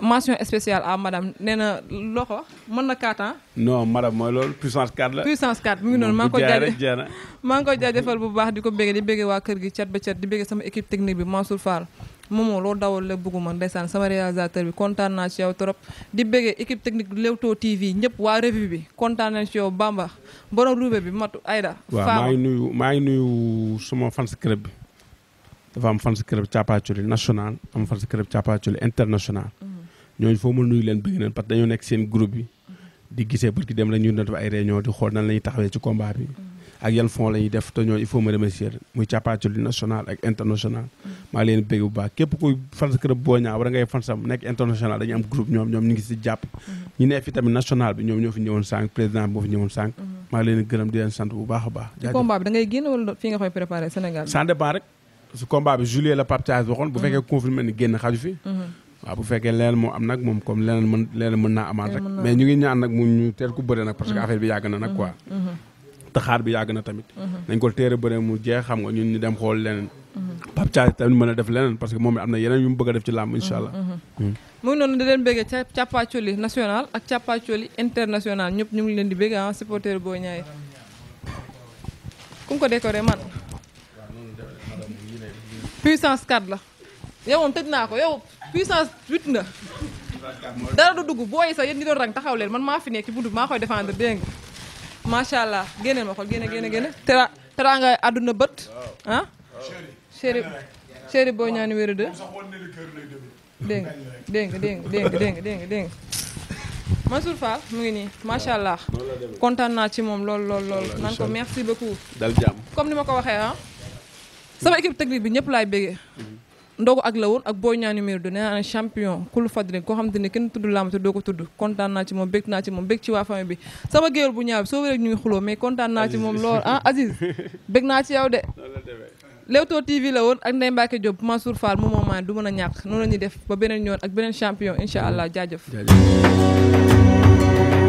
mention spéciale à madame nee na loo ko wax mën na 4 ans.
non madame mooy loolu puissance 4 la. puissance
4 mu ngi noonu maa ngi ko jaajëfal maa ngi ko jaajëfal bu baax di ko béggee di béggee waa kër gi cat ba cat di béggee sama équipe technique bi Mansour Fall moomoo loo dawal la bëgguma ndeysaan sama réalisateur bi kontaan naa ci yow trop di béggee équipe technique Leewtoo TV ñëpp waa revue bi kontaan nañ ci yow Bamba borom ruube bi matu Aïda. waaw maa ngi
nuyu maa ngi nuyu suma fans club bi dafa am fans club Thiapathiouli national am fans club Thiapathiouli international. Mm. ñooñu foo ma nuyu leen bëgg nañ parce dañoo nekk seen groupe bi di gisee pour ki dem la ñu doon def ay réunion di xool nan def te ñooñu il faut ma remercier muy càppaaculi national ak international maa leen bëgg bu baax képp kuy fans club Boy Niang war ngay fansam nekk international dañu am groupe ñoom ñoom ñu ngi si jàpp ñu ne fi tamit national bi ñoom ñoo fi ñëwoon sànq président bi moo fi ñëwoon sànq maa leen gërëm di leen sant bu waaw ah, bu fekkee leneen moo am nag moom comme leneen mën leneen mën naa amaat rek mais ñu ngi ñaan nag mu ñu teel ku bëre nag parce que mm-hmm. affaire bi yàgg na nag mm-hmm. tamit mm-hmm. nañ ko téere bëre mu jeex xam nga ñun ñu dem xool leneen Pape Thialy tamit mën a def leneen parce que moom am na yeneen yu mu bëgg a def ci làmb insha allah
mu ngi noonu di leen béggee ca càppaacoli national ak càppaacoli international ñëpp ñu ngi leen di béggee ah supporter boo ñaay ku mu ko décoré man puissance la yow moom naa ko yow puissance huit na dara du dugg booyi sax yéen ñi doon rang taxaw leen man maa fi nekk ci buntu maa koy défendre dégg nga macha allah génneel ma ko génne génne génne tera tera nga àdduna bët ah chéri chéri boo ñaani wéru de
dégg nga dégg nga dégg
nga dégg nga mu ngi nii macha allah kontaan naa ci moom lool lool lool naan ko merci beaucoup dal comme ni ma ko waxee ah sama équipe technique bi ñëpp laay bégee mhm. ndogu ak la woon ak Boy Niang numéro 2 nee naa ne champion kulu fadri koo xamante ni kenn tudd làmb te doo ko tudd kontaan naa ci moom bég naa ci moom bég ci waa bi sama géwél bu ñaaw bi soo wéree ñu ngi xuloo mais kontaan naa ci moom lool ah Aziz bég naa ci yow de Leewtoo TV la woon ak Ndeye Mbacke Diop Mansour Fall moom moo maa du mën a ñàkk noonu la ñuy def ba beneen yoon ak beneen champion incha allah jaajëf